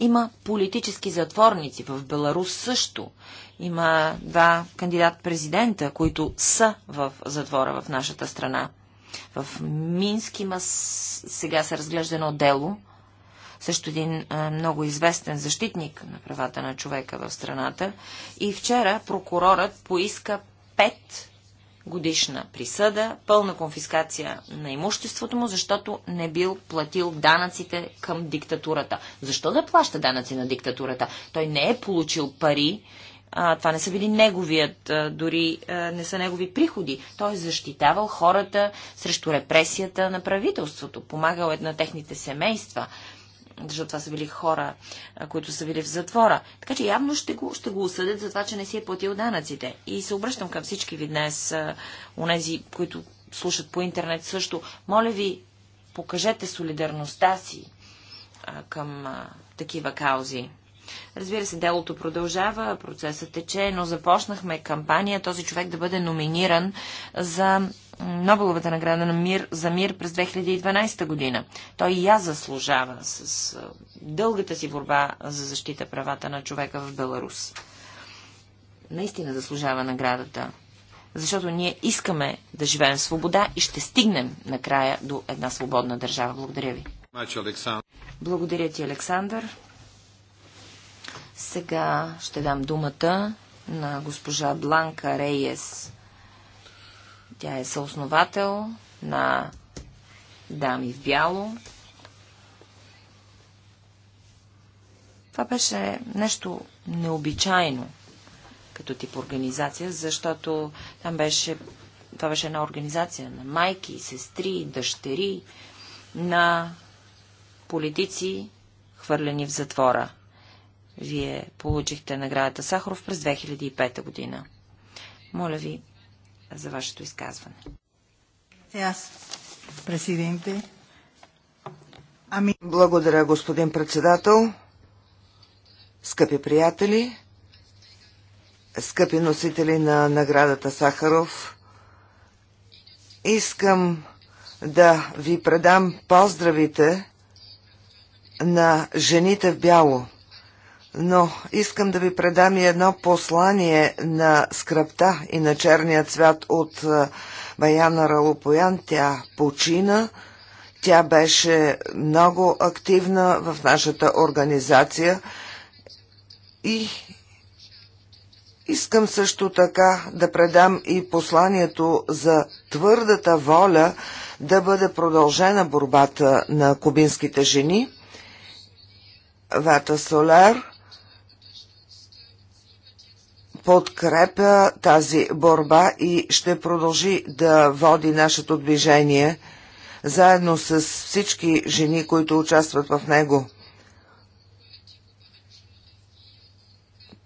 има политически затворници. В Беларус също има два кандидат-президента, които са в затвора в нашата страна. В Минск има сега се разглеждано дело, също един а, е, много известен защитник на правата на човека в страната. И вчера прокурорът поиска пет годишна присъда, пълна конфискация на имуществото му, защото не бил платил данъците към диктатурата. Защо да плаща данъци на диктатурата? Той не е получил пари, а, това не са били неговият, а, дори а, не са негови приходи. Той е защитавал хората срещу репресията на правителството, помагал е на техните семейства, защото това са били хора, които са били в затвора. Така че явно ще го, ще го осъдят за това, че не си е платил данъците. И се обръщам към всички ви днес, онези, които слушат по интернет също. Моля ви, покажете солидарността си към такива каузи. Разбира се, делото продължава, процесът тече, но започнахме кампания този човек да бъде номиниран за Нобеловата награда на мир, за мир през 2012 година. Той и я заслужава с дългата си борба за защита правата на човека в Беларус. Наистина заслужава наградата, защото ние искаме да живеем в свобода и ще стигнем накрая до една свободна държава. Благодаря ви. Благодаря ти, Александър. Сега ще дам думата на госпожа Бланка Рейес тя е съосновател на Дами в бяло. Това беше нещо необичайно като тип организация, защото там беше, това беше една организация на майки, сестри, дъщери, на политици, хвърлени в затвора. Вие получихте наградата Сахаров през 2005 година. Моля ви, за вашето изказване. Ами- Благодаря, господин председател. Скъпи приятели, скъпи носители на наградата Сахаров, искам да ви предам поздравите на жените в бяло но искам да ви предам и едно послание на скръпта и на черния цвят от Баяна Ралопоян. Тя почина. Тя беше много активна в нашата организация и искам също така да предам и посланието за твърдата воля да бъде продължена борбата на кубинските жени. Вата Солер – подкрепя тази борба и ще продължи да води нашето движение заедно с всички жени, които участват в него.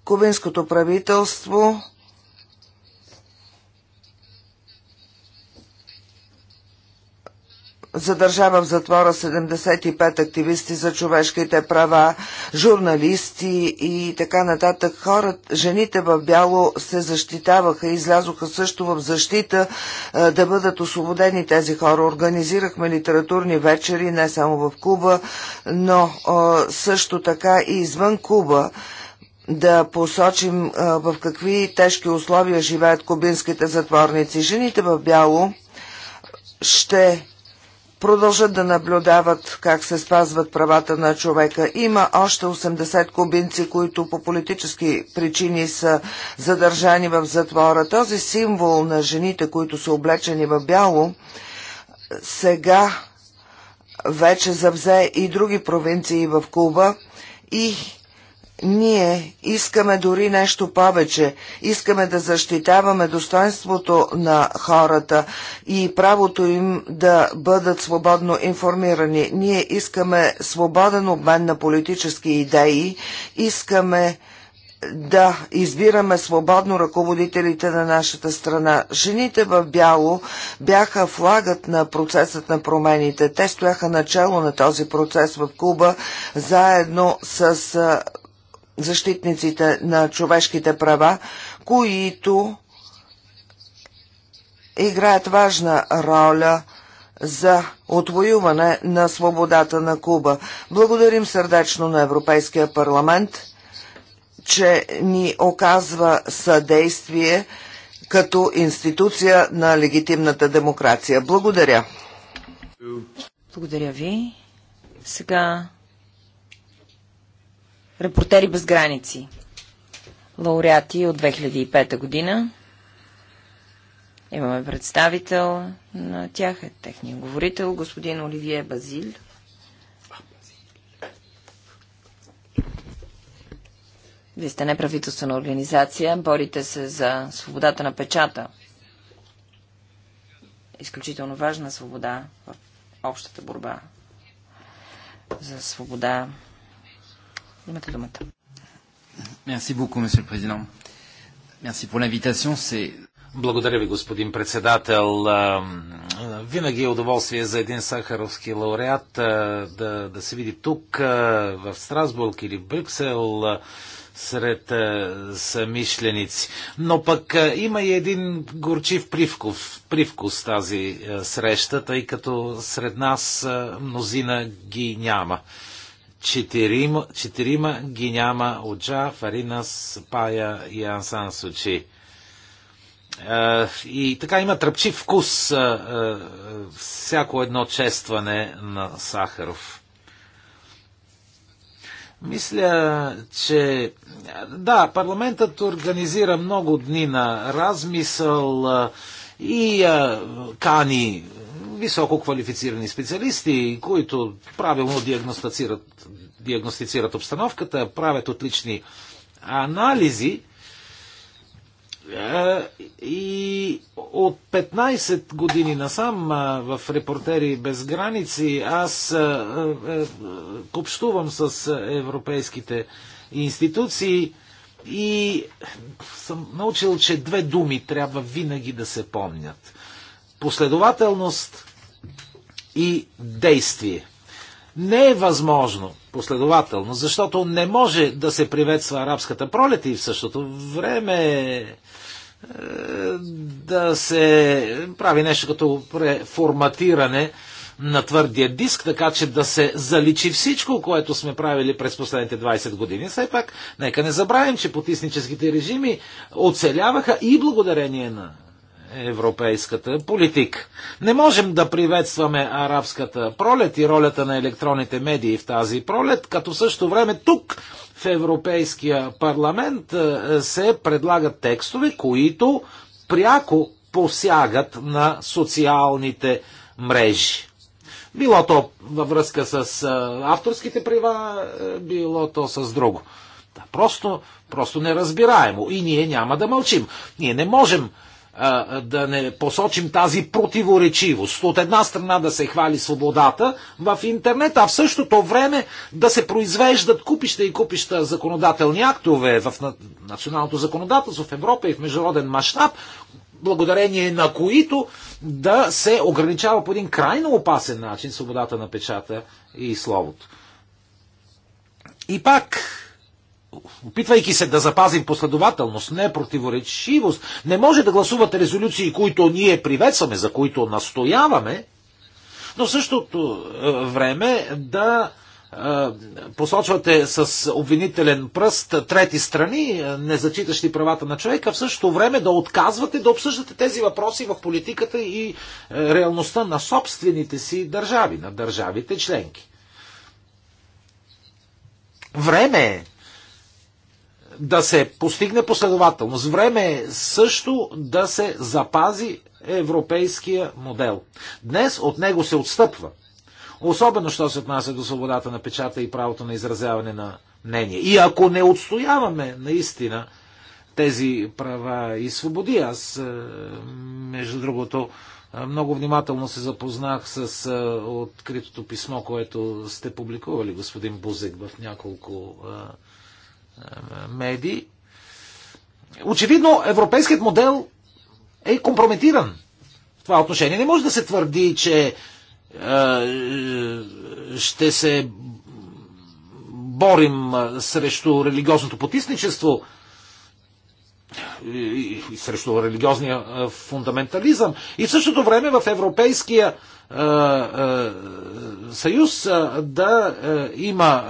Кубинското правителство задържава в затвора 75 активисти за човешките права, журналисти и така нататък. Хората, жените в бяло се защитаваха и излязоха също в защита е, да бъдат освободени тези хора. Организирахме литературни вечери не само в Куба, но е, също така и извън Куба да посочим е, в какви тежки условия живеят кубинските затворници. Жените в бяло ще продължат да наблюдават как се спазват правата на човека. Има още 80 кубинци, които по политически причини са задържани в затвора. Този символ на жените, които са облечени в бяло, сега вече завзе и други провинции в Куба и ние искаме дори нещо повече. Искаме да защитаваме достоинството на хората и правото им да бъдат свободно информирани. Ние искаме свободен обмен на политически идеи. Искаме да избираме свободно ръководителите на нашата страна. Жените в бяло бяха флагът на процесът на промените. Те стояха начало на този процес в Куба, заедно с защитниците на човешките права, които играят важна роля за отвоюване на свободата на Куба. Благодарим сърдечно на Европейския парламент, че ни оказва съдействие като институция на легитимната демокрация. Благодаря. Благодаря ви. Сега Репортери без граници. Лауреати от 2005 година. Имаме представител на тях, е техния говорител, господин Оливие Базил. Вие сте неправителствена организация, борите се за свободата на печата. Изключително важна свобода в общата борба за свобода Имате думата. Мерси буко, monsieur президент. Мерси по инвитацион. благодаря ви, господин председател. Винаги е удоволствие за един сахаровски лауреат да, да се види тук, в Страсбург или в Брюксел, сред самишленици. Но пък има и един горчив привкус, привкус тази среща, тъй като сред нас мнозина ги няма четирима, четирима ги няма Оджа, Фаринас, Пая и Ансан Сучи. И така има тръпчив вкус всяко едно честване на Сахаров. Мисля, че да, парламентът организира много дни на размисъл и кани високо квалифицирани специалисти, които правилно диагностицират, диагностицират обстановката, правят отлични анализи. Е, и от 15 години насам е, в Репортери без граници аз е, общувам с европейските институции и съм научил, че две думи трябва винаги да се помнят. Последователност и действие. Не е възможно последователно, защото не може да се приветства арабската пролет и в същото време е, да се прави нещо като преформатиране на твърдия диск, така че да се заличи всичко, което сме правили през последните 20 години. Все пак, нека не забравим, че потисническите режими оцеляваха и благодарение на европейската политика. Не можем да приветстваме арабската пролет и ролята на електронните медии в тази пролет, като също време тук в Европейския парламент е, се предлагат текстове, които пряко посягат на социалните мрежи. Било то във връзка с е, авторските права, е, било то с друго. Да, просто, просто неразбираемо. И ние няма да мълчим. Ние не можем да не посочим тази противоречивост. От една страна да се хвали свободата в интернет, а в същото време да се произвеждат купища и купища законодателни актове в националното законодателство в Европа и в международен мащаб, благодарение на които да се ограничава по един крайно опасен начин свободата на печата и словото. И пак, опитвайки се да запазим последователност, не противоречивост, не може да гласувате резолюции, които ние приветстваме, за които настояваме, но в същото е, време да е, посочвате с обвинителен пръст трети страни, е, не зачитащи правата на човека, в същото време да отказвате да обсъждате тези въпроси в политиката и реалността на собствените си държави, на държавите членки. Време е да се постигне последователност. Време е също да се запази европейския модел. Днес от него се отстъпва. Особено, що се отнася до свободата на печата и правото на изразяване на мнение. И ако не отстояваме наистина тези права и свободи, аз, е, между другото, е, много внимателно се запознах с е, откритото писмо, което сте публикували, господин Бузек, в няколко медии. Очевидно, европейският модел е компрометиран в това отношение. Не може да се твърди, че е, ще се борим е, срещу религиозното потисничество е, и срещу религиозния фундаментализъм. И в същото време в Европейския съюз да има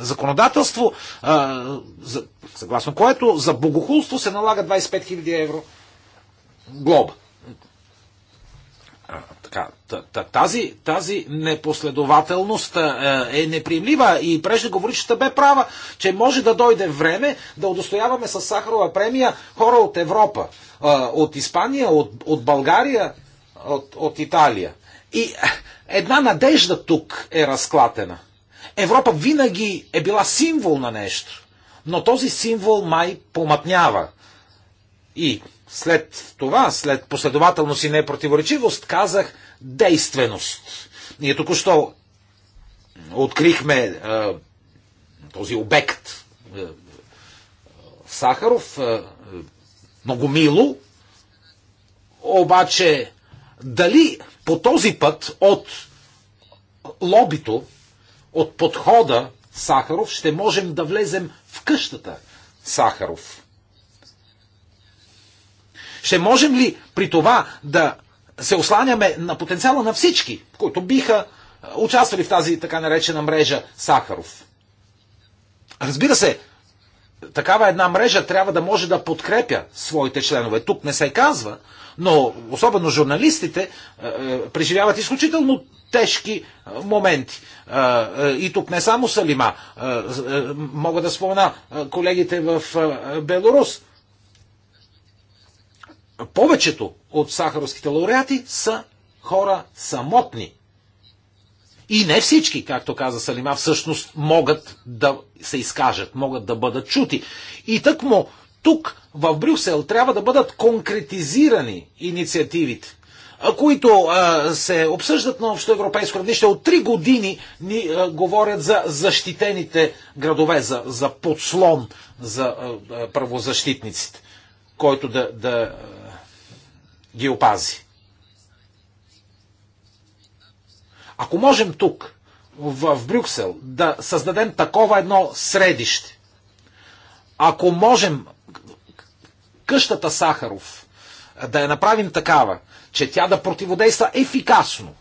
законодателство, съгласно което за богохулство се налага 25 000 евро глоба. Така, тази, тази непоследователност е, е неприемлива и преждеговоричната бе права, че може да дойде време да удостояваме с Сахарова премия хора от Европа, от Испания, от, от България, от, от Италия. И една надежда тук е разклатена – Европа винаги е била символ на нещо, но този символ май помътнява. И след това, след последователност и непротиворечивост, казах действеност. Ние току-що открихме е, този обект е, Сахаров, е, много мило, обаче дали по този път от лобито от подхода Сахаров ще можем да влезем в къщата Сахаров. Ще можем ли при това да се осланяме на потенциала на всички, които биха е, участвали в тази така наречена мрежа Сахаров? Разбира се, такава една мрежа трябва да може да подкрепя своите членове. Тук не се казва, но особено журналистите е, е, преживяват изключително тежки е, моменти. И тук не само Салима. Мога да спомена колегите в Белорус. Повечето от сахаровските лауреати са хора самотни. И не всички, както каза Салима, всъщност могат да се изкажат, могат да бъдат чути. И тъкмо тук, в Брюксел, трябва да бъдат конкретизирани инициативите които а, се обсъждат на общо европейско равнище. От три години ни а, говорят за защитените градове, за, за подслон за а, правозащитниците, който да, да а, ги опази. Ако можем тук, в, в Брюксел, да създадем такова едно средище, ако можем къщата Сахаров да я направим такава, че тя да противодейства ефикасно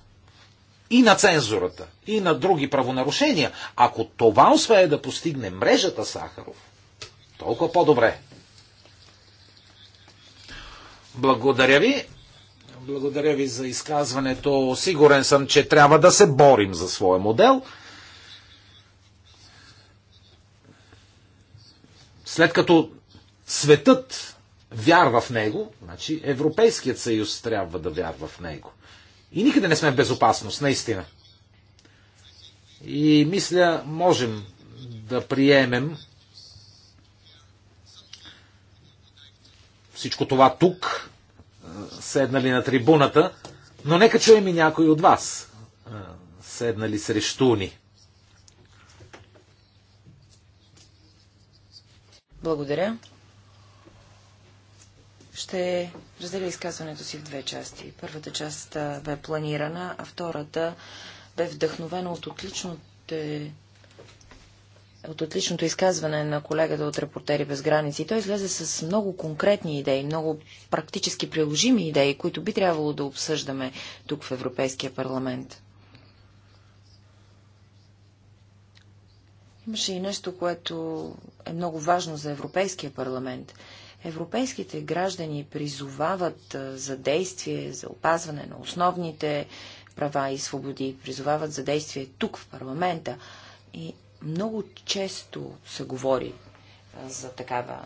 и на цензурата, и на други правонарушения, ако това успее да постигне мрежата Сахаров, толкова по-добре. Благодаря ви. Благодаря ви за изказването. Сигурен съм, че трябва да се борим за своя модел. След като светът вярва в него, значи Европейският съюз трябва да вярва в него. И никъде не сме в безопасност, наистина. И мисля, можем да приемем всичко това тук, седнали на трибуната, но нека чуем и някой от вас, седнали срещу ни. Благодаря. Ще разделя изказването си в две части. Първата част бе планирана, а втората бе вдъхновена от отличното от отличното изказване на колегата от Репортери без граници. Той излезе с много конкретни идеи, много практически приложими идеи, които би трябвало да обсъждаме тук в Европейския парламент. Имаше и нещо, което е много важно за Европейския парламент. Европейските граждани призовават за действие, за опазване на основните права и свободи, призовават за действие тук в парламента. И много често се говори за такава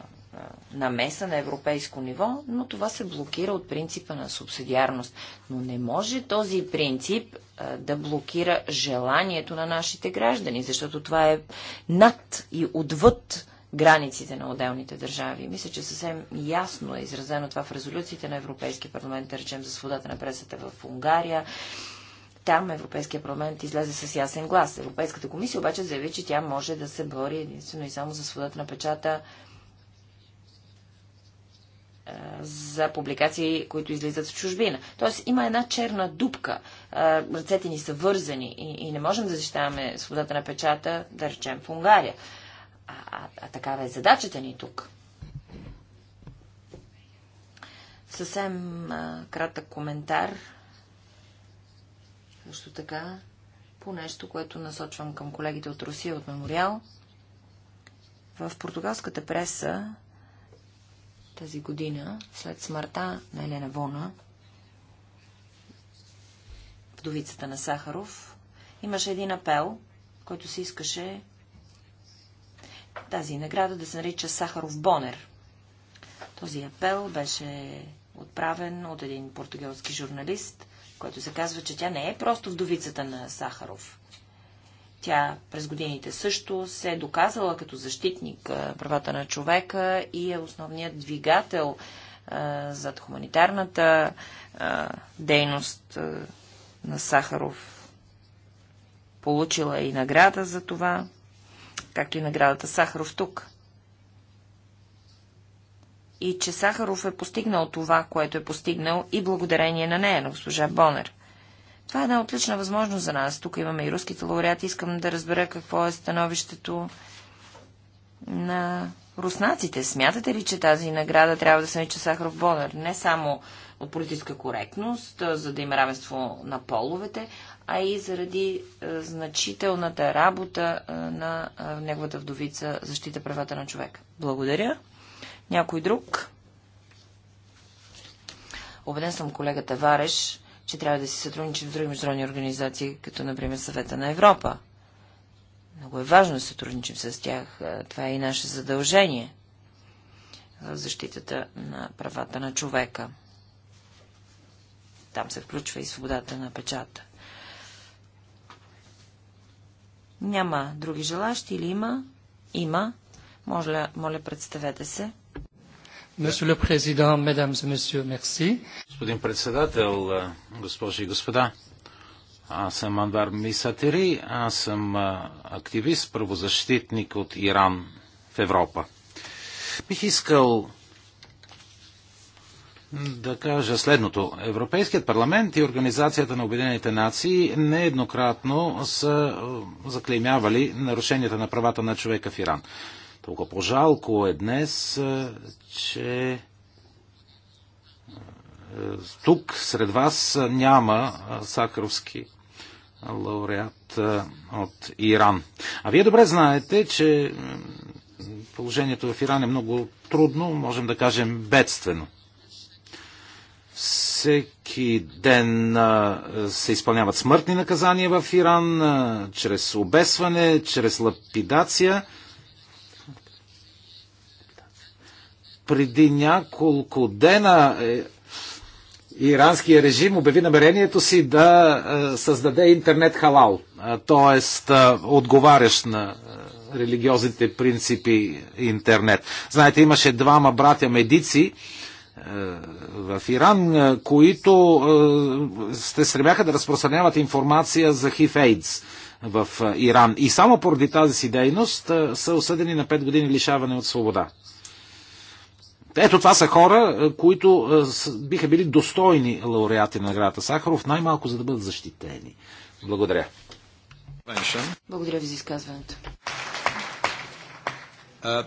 намеса на европейско ниво, но това се блокира от принципа на субсидиарност. Но не може този принцип да блокира желанието на нашите граждани, защото това е над и отвъд границите на отделните държави. Мисля, че съвсем ясно е изразено това в резолюциите на Европейския парламент, да речем за свободата на пресата в Унгария, там Европейския парламент излезе с ясен глас. Европейската комисия обаче заяви, че тя може да се бори единствено и само за свободата на печата за публикации, които излизат в чужбина. Тоест има една черна дупка. Ръцете ни са вързани и, и не можем да защитаваме свободата на печата, да речем, в Унгария. А, а, а такава е задачата ни тук. Съвсем а, кратък коментар също така по нещо, което насочвам към колегите от Русия от Мемориал. В португалската преса тази година, след смъртта на Елена Вона, вдовицата на Сахаров, имаше един апел, който се искаше тази награда да се нарича Сахаров Бонер. Този апел беше отправен от един португалски журналист, което се казва, че тя не е просто вдовицата на Сахаров. Тя през годините също се е доказала като защитник правата на човека и е основният двигател а, зад хуманитарната а, дейност а, на Сахаров. Получила и награда за това, както и наградата Сахаров тук и че Сахаров е постигнал това, което е постигнал и благодарение на нея, на госпожа Бонер. Това е една отлична възможност за нас. Тук имаме и руските лауреати. Искам да разбера какво е становището на руснаците. Смятате ли, че тази награда трябва да се нарича Сахаров Бонер? Не само от политическа коректност, за да има равенство на половете, а и заради значителната работа на неговата вдовица защита правата на човека. Благодаря. Някой друг? Обеден съм колегата Вареш, че трябва да си сътрудничим с други международни организации, като например Съвета на Европа. Много е важно да сътрудничим с тях. Е, това е и наше задължение в защитата на правата на човека. Там се включва и свободата на печата. Няма други желащи или има? Има. Моля, моля представете се. Господин председател, госпожи и господа, аз съм Анвар Мисатери, аз съм активист, правозащитник от Иран в Европа. Бих искал да кажа следното. Европейският парламент и Организацията на Обединените нации нееднократно са заклеймявали нарушенията на правата на човека в Иран. Толкова по-жалко е днес, че тук сред вас няма Сакаровски лауреат от Иран. А вие добре знаете, че положението в Иран е много трудно, можем да кажем бедствено. Всеки ден се изпълняват смъртни наказания в Иран, чрез обесване, чрез лапидация – преди няколко дена е, иранския режим обяви намерението си да е, създаде интернет халал, т.е. Е, отговарящ на религиозните принципи интернет. Знаете, имаше двама братя медици в Иран, които се стремяха да разпространяват информация за HIV-AIDS в Иран. И само поради тази си дейност са осъдени на 5 години лишаване от свобода. Ето това са хора, е, които е, биха били достойни лауреати на наградата Сахаров, най-малко за да бъдат защитени. Благодаря. Благодаря ви за изказването. Uh,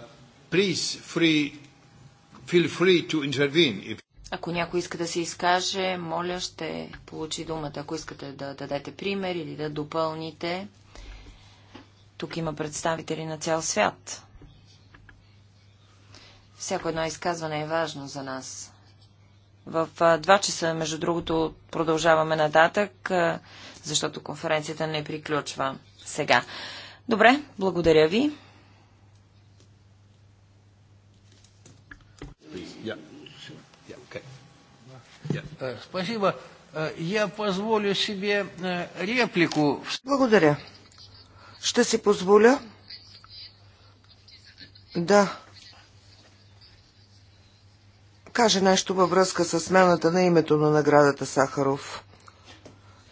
Ако някой иска да се изкаже, моля, ще получи думата. Ако искате да дадете пример или да допълните, тук има представители на цял свят. Всяко едно изказване е важно за нас. В два часа, между другото, продължаваме нататък, защото конференцията не приключва сега. Добре, благодаря ви. Е, спасибо. Е, я позволю себе е, реплику. Благодаря. Ще си позволя да каже нещо във връзка с смената на името на наградата Сахаров.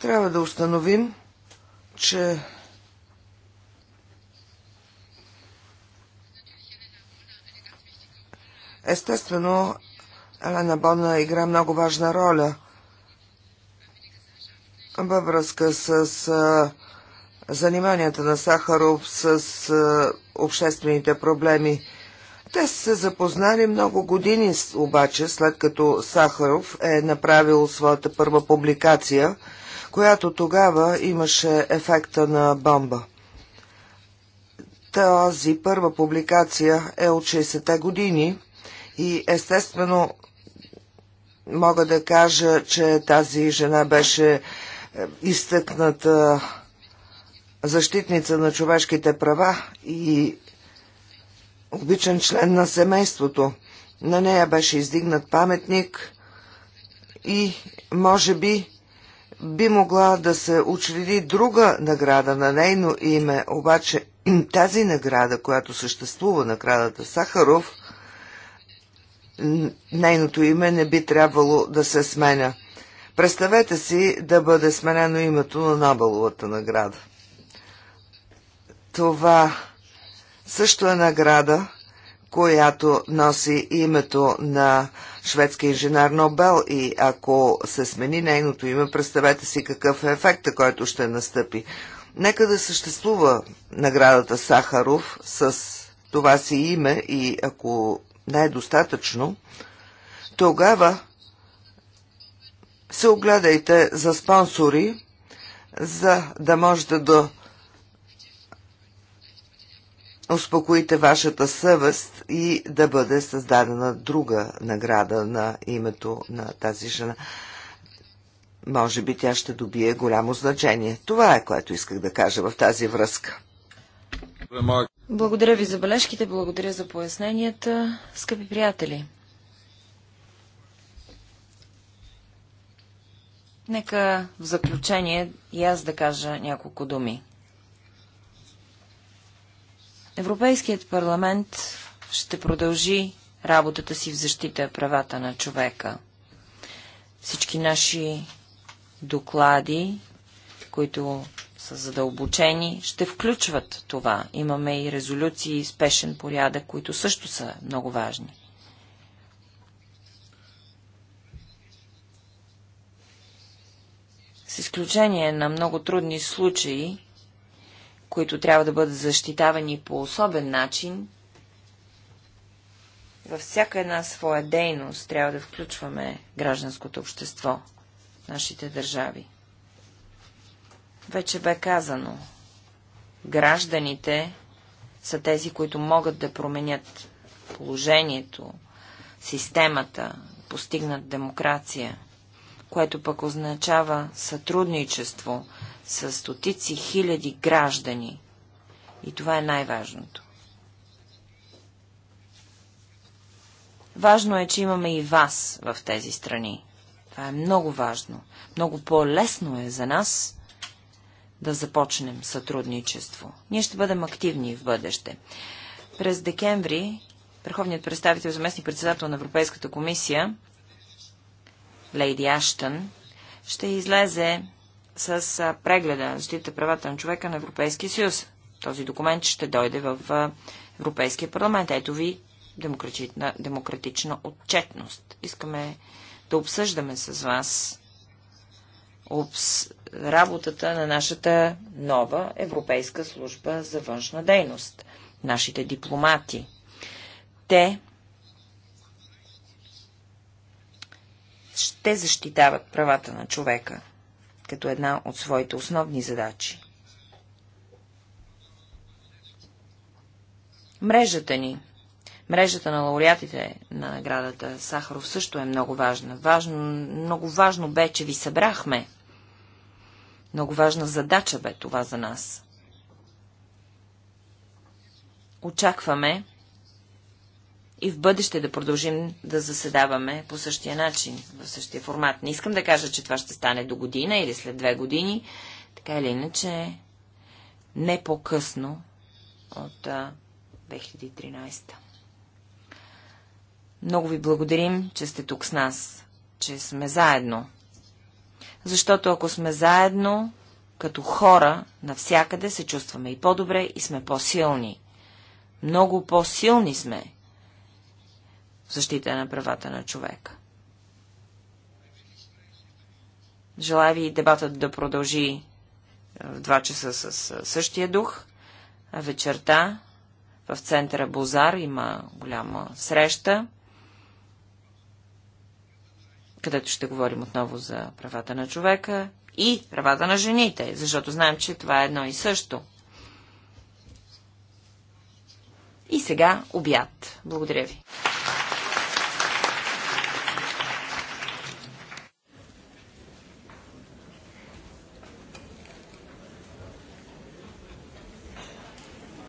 Трябва да установим, че естествено Елена Бонна игра много важна роля във връзка с заниманията на Сахаров с обществените проблеми. Те са се запознали много години, обаче, след като Сахаров е направил своята първа публикация, която тогава имаше ефекта на бомба. Тази първа публикация е от 60-те години и естествено мога да кажа, че тази жена беше е, изтъкната защитница на човешките права и обичан член на семейството. На нея беше издигнат паметник и, може би, би могла да се учреди друга награда на нейно име, обаче [clears throat] тази награда, която съществува, наградата Сахаров, нейното име не би трябвало да се сменя. Представете си да бъде сменено името на Набаловата награда. Това също е награда, която носи името на шведски инженер Нобел и ако се смени нейното име, представете си какъв е ефекта, който ще настъпи. Нека да съществува наградата Сахаров с това си име и ако не е достатъчно, тогава се огледайте за спонсори, за да можете да успокоите вашата съвест и да бъде създадена друга награда на името на тази жена. Може би тя ще добие голямо значение. Това е което исках да кажа в тази връзка. Благодаря ви за бележките, благодаря за поясненията, скъпи приятели. Нека в заключение и аз да кажа няколко думи. Европейският парламент ще продължи работата си в защита правата на човека. Всички наши доклади, които са задълбочени, ще включват това. Имаме и резолюции, спешен порядък, които също са много важни. С изключение на много трудни случаи, които трябва да бъдат защитавани по особен начин. Във всяка една своя дейност трябва да включваме гражданското общество, нашите държави. Вече бе казано, гражданите са тези, които могат да променят положението, системата, постигнат демокрация – което пък означава сътрудничество с стотици хиляди граждани. И това е най-важното. Важно е, че имаме и вас в тези страни. Това е много важно. Много по-лесно е за нас да започнем сътрудничество. Ние ще бъдем активни в бъдеще. През декември Върховният представител, заместник председател на Европейската комисия, Лейди Аштън ще излезе с прегледа на защита правата на човека на Европейския съюз. Този документ ще дойде в Европейския парламент. Ето ви демократична, демократична отчетност. Искаме да обсъждаме с вас обс... работата на нашата нова Европейска служба за външна дейност. Нашите дипломати. Те ще защитават правата на човека като една от своите основни задачи. Мрежата ни, мрежата на лауреатите на наградата Сахаров също е много важна. Важно, много важно бе, че ви събрахме. Много важна задача бе това за нас. Очакваме и в бъдеще да продължим да заседаваме по същия начин, в същия формат. Не искам да кажа, че това ще стане до година или след две години, така или иначе не по-късно от 2013. Много ви благодарим, че сте тук с нас, че сме заедно. Защото ако сме заедно, като хора, навсякъде се чувстваме и по-добре и сме по-силни. Много по-силни сме, в защита на правата на човека. Желая ви дебатът да продължи е, в 2 часа с същия дух. Вечерта в центъра Бозар има голяма среща, където ще говорим отново за правата на човека и правата на жените, защото знаем, че това е едно и също. И сега обяд. Благодаря ви.